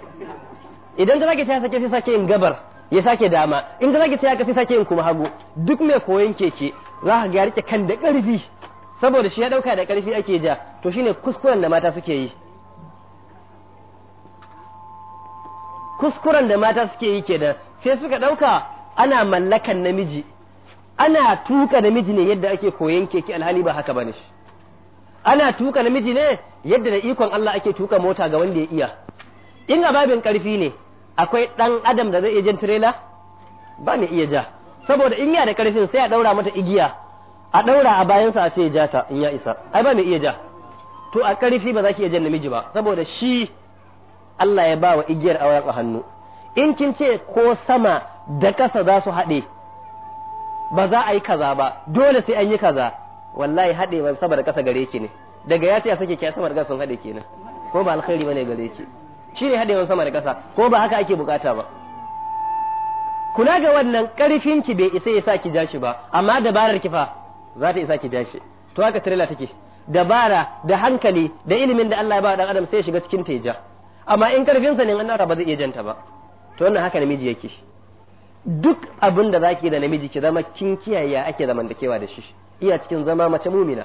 idan ta zaki ta sake sai sake yin gabar ya sake dama in ta zaki ta haka sai sake yin kuma hagu duk mai koyon keke za ka gyara rike kan da ƙarfi saboda shi ya ɗauka da ƙarfi ake ja to shine kuskuren da mata suke yi kuskuren da mata suke yi ke da sai suka ɗauka ana mallakan namiji ana tuka namiji ne yadda ake koyon keke alhali ba haka bane shi ana tuka namiji ne yadda da ikon Allah ake tuka mota ga wanda ya iya in ababin karfi ne akwai ɗan adam da zai iya jan tirela ba mai iya ja saboda in ya da karfin sai a daura mata igiya a daura a bayan sa a ce ja ta in ya isa ai ba mai iya ja to a karfi ba za ki iya jan namiji ba saboda shi Allah ya ba wa igiyar auren wayar hannu in kin ce ko sama da kasa za su haɗe ba za a yi kaza ba dole sai an yi kaza wallahi haɗe ban sama da ƙasa gare ki ne daga ya ce a sake ki sama da kasa sun haɗe kenan ko ba alkhairi bane gare ki shi ne haɗe ban sama da ƙasa ko ba haka ake bukata ba kula ga wannan karfin ki bai isa sa ki ja ba amma dabarar ki fa za ta isa ki ja to haka trailer take dabara da hankali da ilimin da Allah ya ba dan adam sai ya shiga cikin ta ja amma in ƙarfin sa ne an ba zai iya janta ba to wannan haka namiji yake duk abin da zaki da namiji ki zama kin kiyaye ake zaman da shi iya cikin zama mace mumina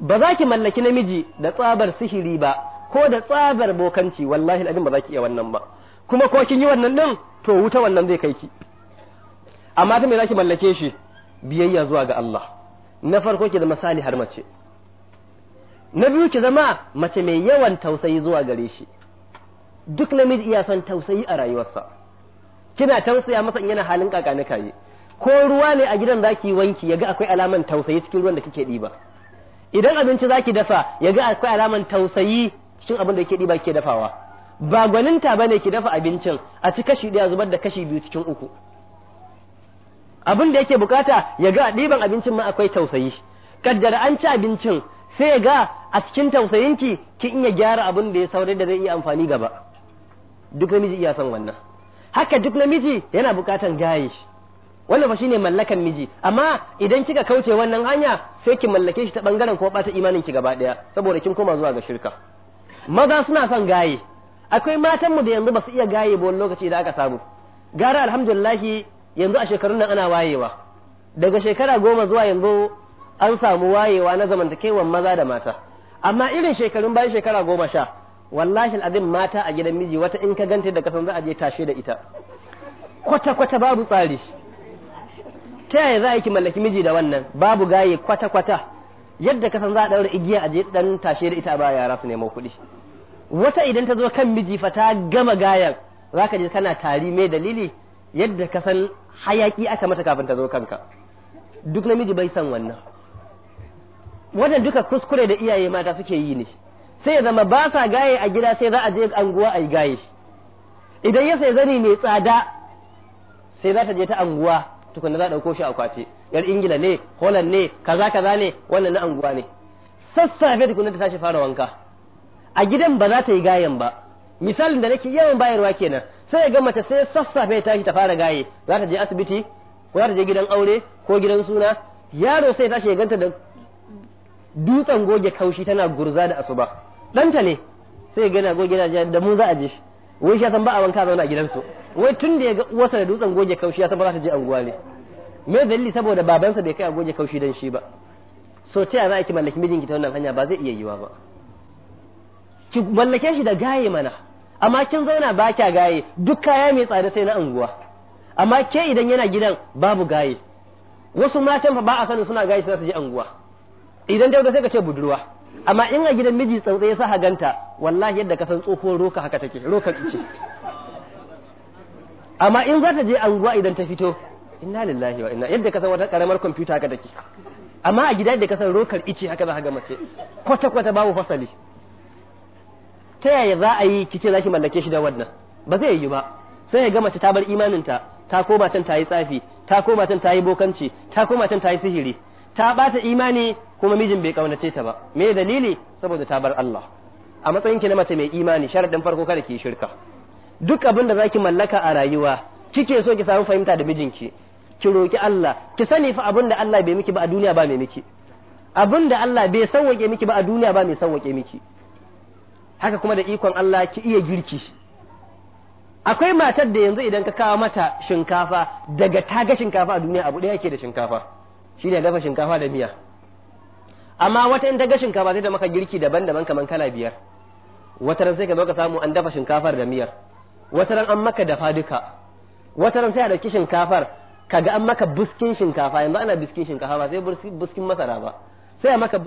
ba za ki mallaki namiji da tsabar sihiri ba ko da tsabar bokanci wallahi abin ba za ki iya wannan ba kuma ko kin yi wannan din to wuta wannan zai kai ki amma ta me zaki mallake shi biyayya zuwa ga Allah na farko ki zama har mace na biyu ki zama mace mai yawan tausayi zuwa gare shi duk namiji iya son tausayi a rayuwarsa kina tausaya masa in yana halin kakanika kaye ko ruwa ne a gidan zaki wanki yaga akwai alaman tausayi cikin ruwan da kike diba idan abinci zaki dafa yaga akwai alaman tausayi cikin abin da kike diba kike dafawa ba gwaninta ba ne ki dafa abincin a ci kashi ɗaya zubar da kashi biyu cikin uku abin da yake bukata ya ga ɗiban abincin ma akwai tausayi kaddara an ci abincin sai ya ga a cikin tausayinki ki iya gyara abin da ya saurai da zai iya amfani gaba duk namiji iya son wannan haka duk namiji yana bukatan gaye wannan fa shine mallakan miji amma idan kika kauce wannan hanya sai ki mallake shi ta bangaren ko bata imanin ki gaba daya saboda kin koma zuwa ga shirka maza suna son gaye akwai matanmu da yanzu ba su iya gaye ba wani lokaci da aka samu gara alhamdulillahi yanzu a shekarun nan ana wayewa daga shekara goma zuwa yanzu an samu wayewa na zamantakewar maza da mata amma irin shekarun bayan shekara goma sha wallahi al'adin mata a gidan miji wata in ka ganta da kasan za a je tashe da ita kwata kwata babu tsari ta yaya za a yi mallaki miji da wannan babu gaye kwata kwata yadda kasan za a ɗaura igiya a je ɗan tashe da ita ba yara su nemo kuɗi wata idan ta zo kan miji fa ta gama gayan zaka je kana tari mai dalili yadda ka san hayaki aka mata kafin ta zo kanka duk namiji bai san wannan wannan duka kuskure da iyaye mata suke yi ne sai ya zama ba sa gaye a gida sai za a je anguwa a yi gaye idan ya sai zani mai tsada sai za ta je ta anguwa tukunna za a ɗauko shi a kwace yar ingila ne holland ne kaza kaza ne wannan na anguwa ne sassafe tukunna ta tashi fara wanka a gidan ba za ta yi gayan ba misalin da nake yawan bayarwa kenan sai ya ga mace sai sassafe ta tashi ta fara gaye za ta je asibiti ko za ta je gidan aure ko gidan suna yaro sai tashi ya ganta da dutsen goge kaushi tana gurza da asuba ɗanta ne sai gana goge na da mu za a je wai shi san ba a wanka zauna a gidansu wai tun da ya ga uwarsa da dutsen goge kaushi ya san ba za ta je anguwa ne me dalili saboda babansa bai kai a goge kaushi dan shi ba so ta ya za a ki mallaki mijinki ta wannan hanya ba zai iya yiwa ba ki mallake shi da gaye mana amma kin zauna ba kya gaye duk kaya mai tsada sai na anguwa amma ke idan yana gidan babu gaye wasu matan fa ba a sanin suna gaye sai su je anguwa idan dauda sai ka ce budurwa amma in a gidan miji tsautsa ya sa ganta wallahi yadda ka san tsohuwar roka haka take rokar ice amma in za ta je anguwa idan ta fito inna lillahi wa inna yadda ka san wata karamar kwamfuta haka take amma a gida da ka san rokar ice haka za ka ga mace kwata kwata babu fasali ta yaya za a yi kice za ki mallake shi da wannan ba zai yi ba sai ya ga ta bar imaninta ta koma can ta yi tsafi ta koma can ta yi bokanci ta koma can ta yi sihiri ta bata imani kuma mijin bai kaunace ta ba me dalili saboda ta bar Allah a matsayin ki na mace mai imani sharadin farko kada ki shirka duk abin da zaki mallaka a rayuwa kike so ki samu fahimta da mijinki ki roki Allah ki sani fa abin da Allah bai miki ba a duniya ba mai miki abin da Allah bai sauwake miki ba a duniya ba mai sauwake miki haka kuma da ikon Allah ki iya girki akwai matar da yanzu idan ka kawo mata shinkafa daga ta ga shinkafa a duniya abu ɗaya ke da shinkafa shi ne dafa shinkafa da miya amma wata in ta ga shinkafa zai da maka girki daban-daban kaman kala biyar wata ran sai ka zo ka samu an dafa shinkafar da miyar wata ran an maka dafa duka wata ran sai a dauki shinkafar kaga an maka buskin shinkafa yanzu ana buskin shinkafa ba sai buskin masara ba sai a maka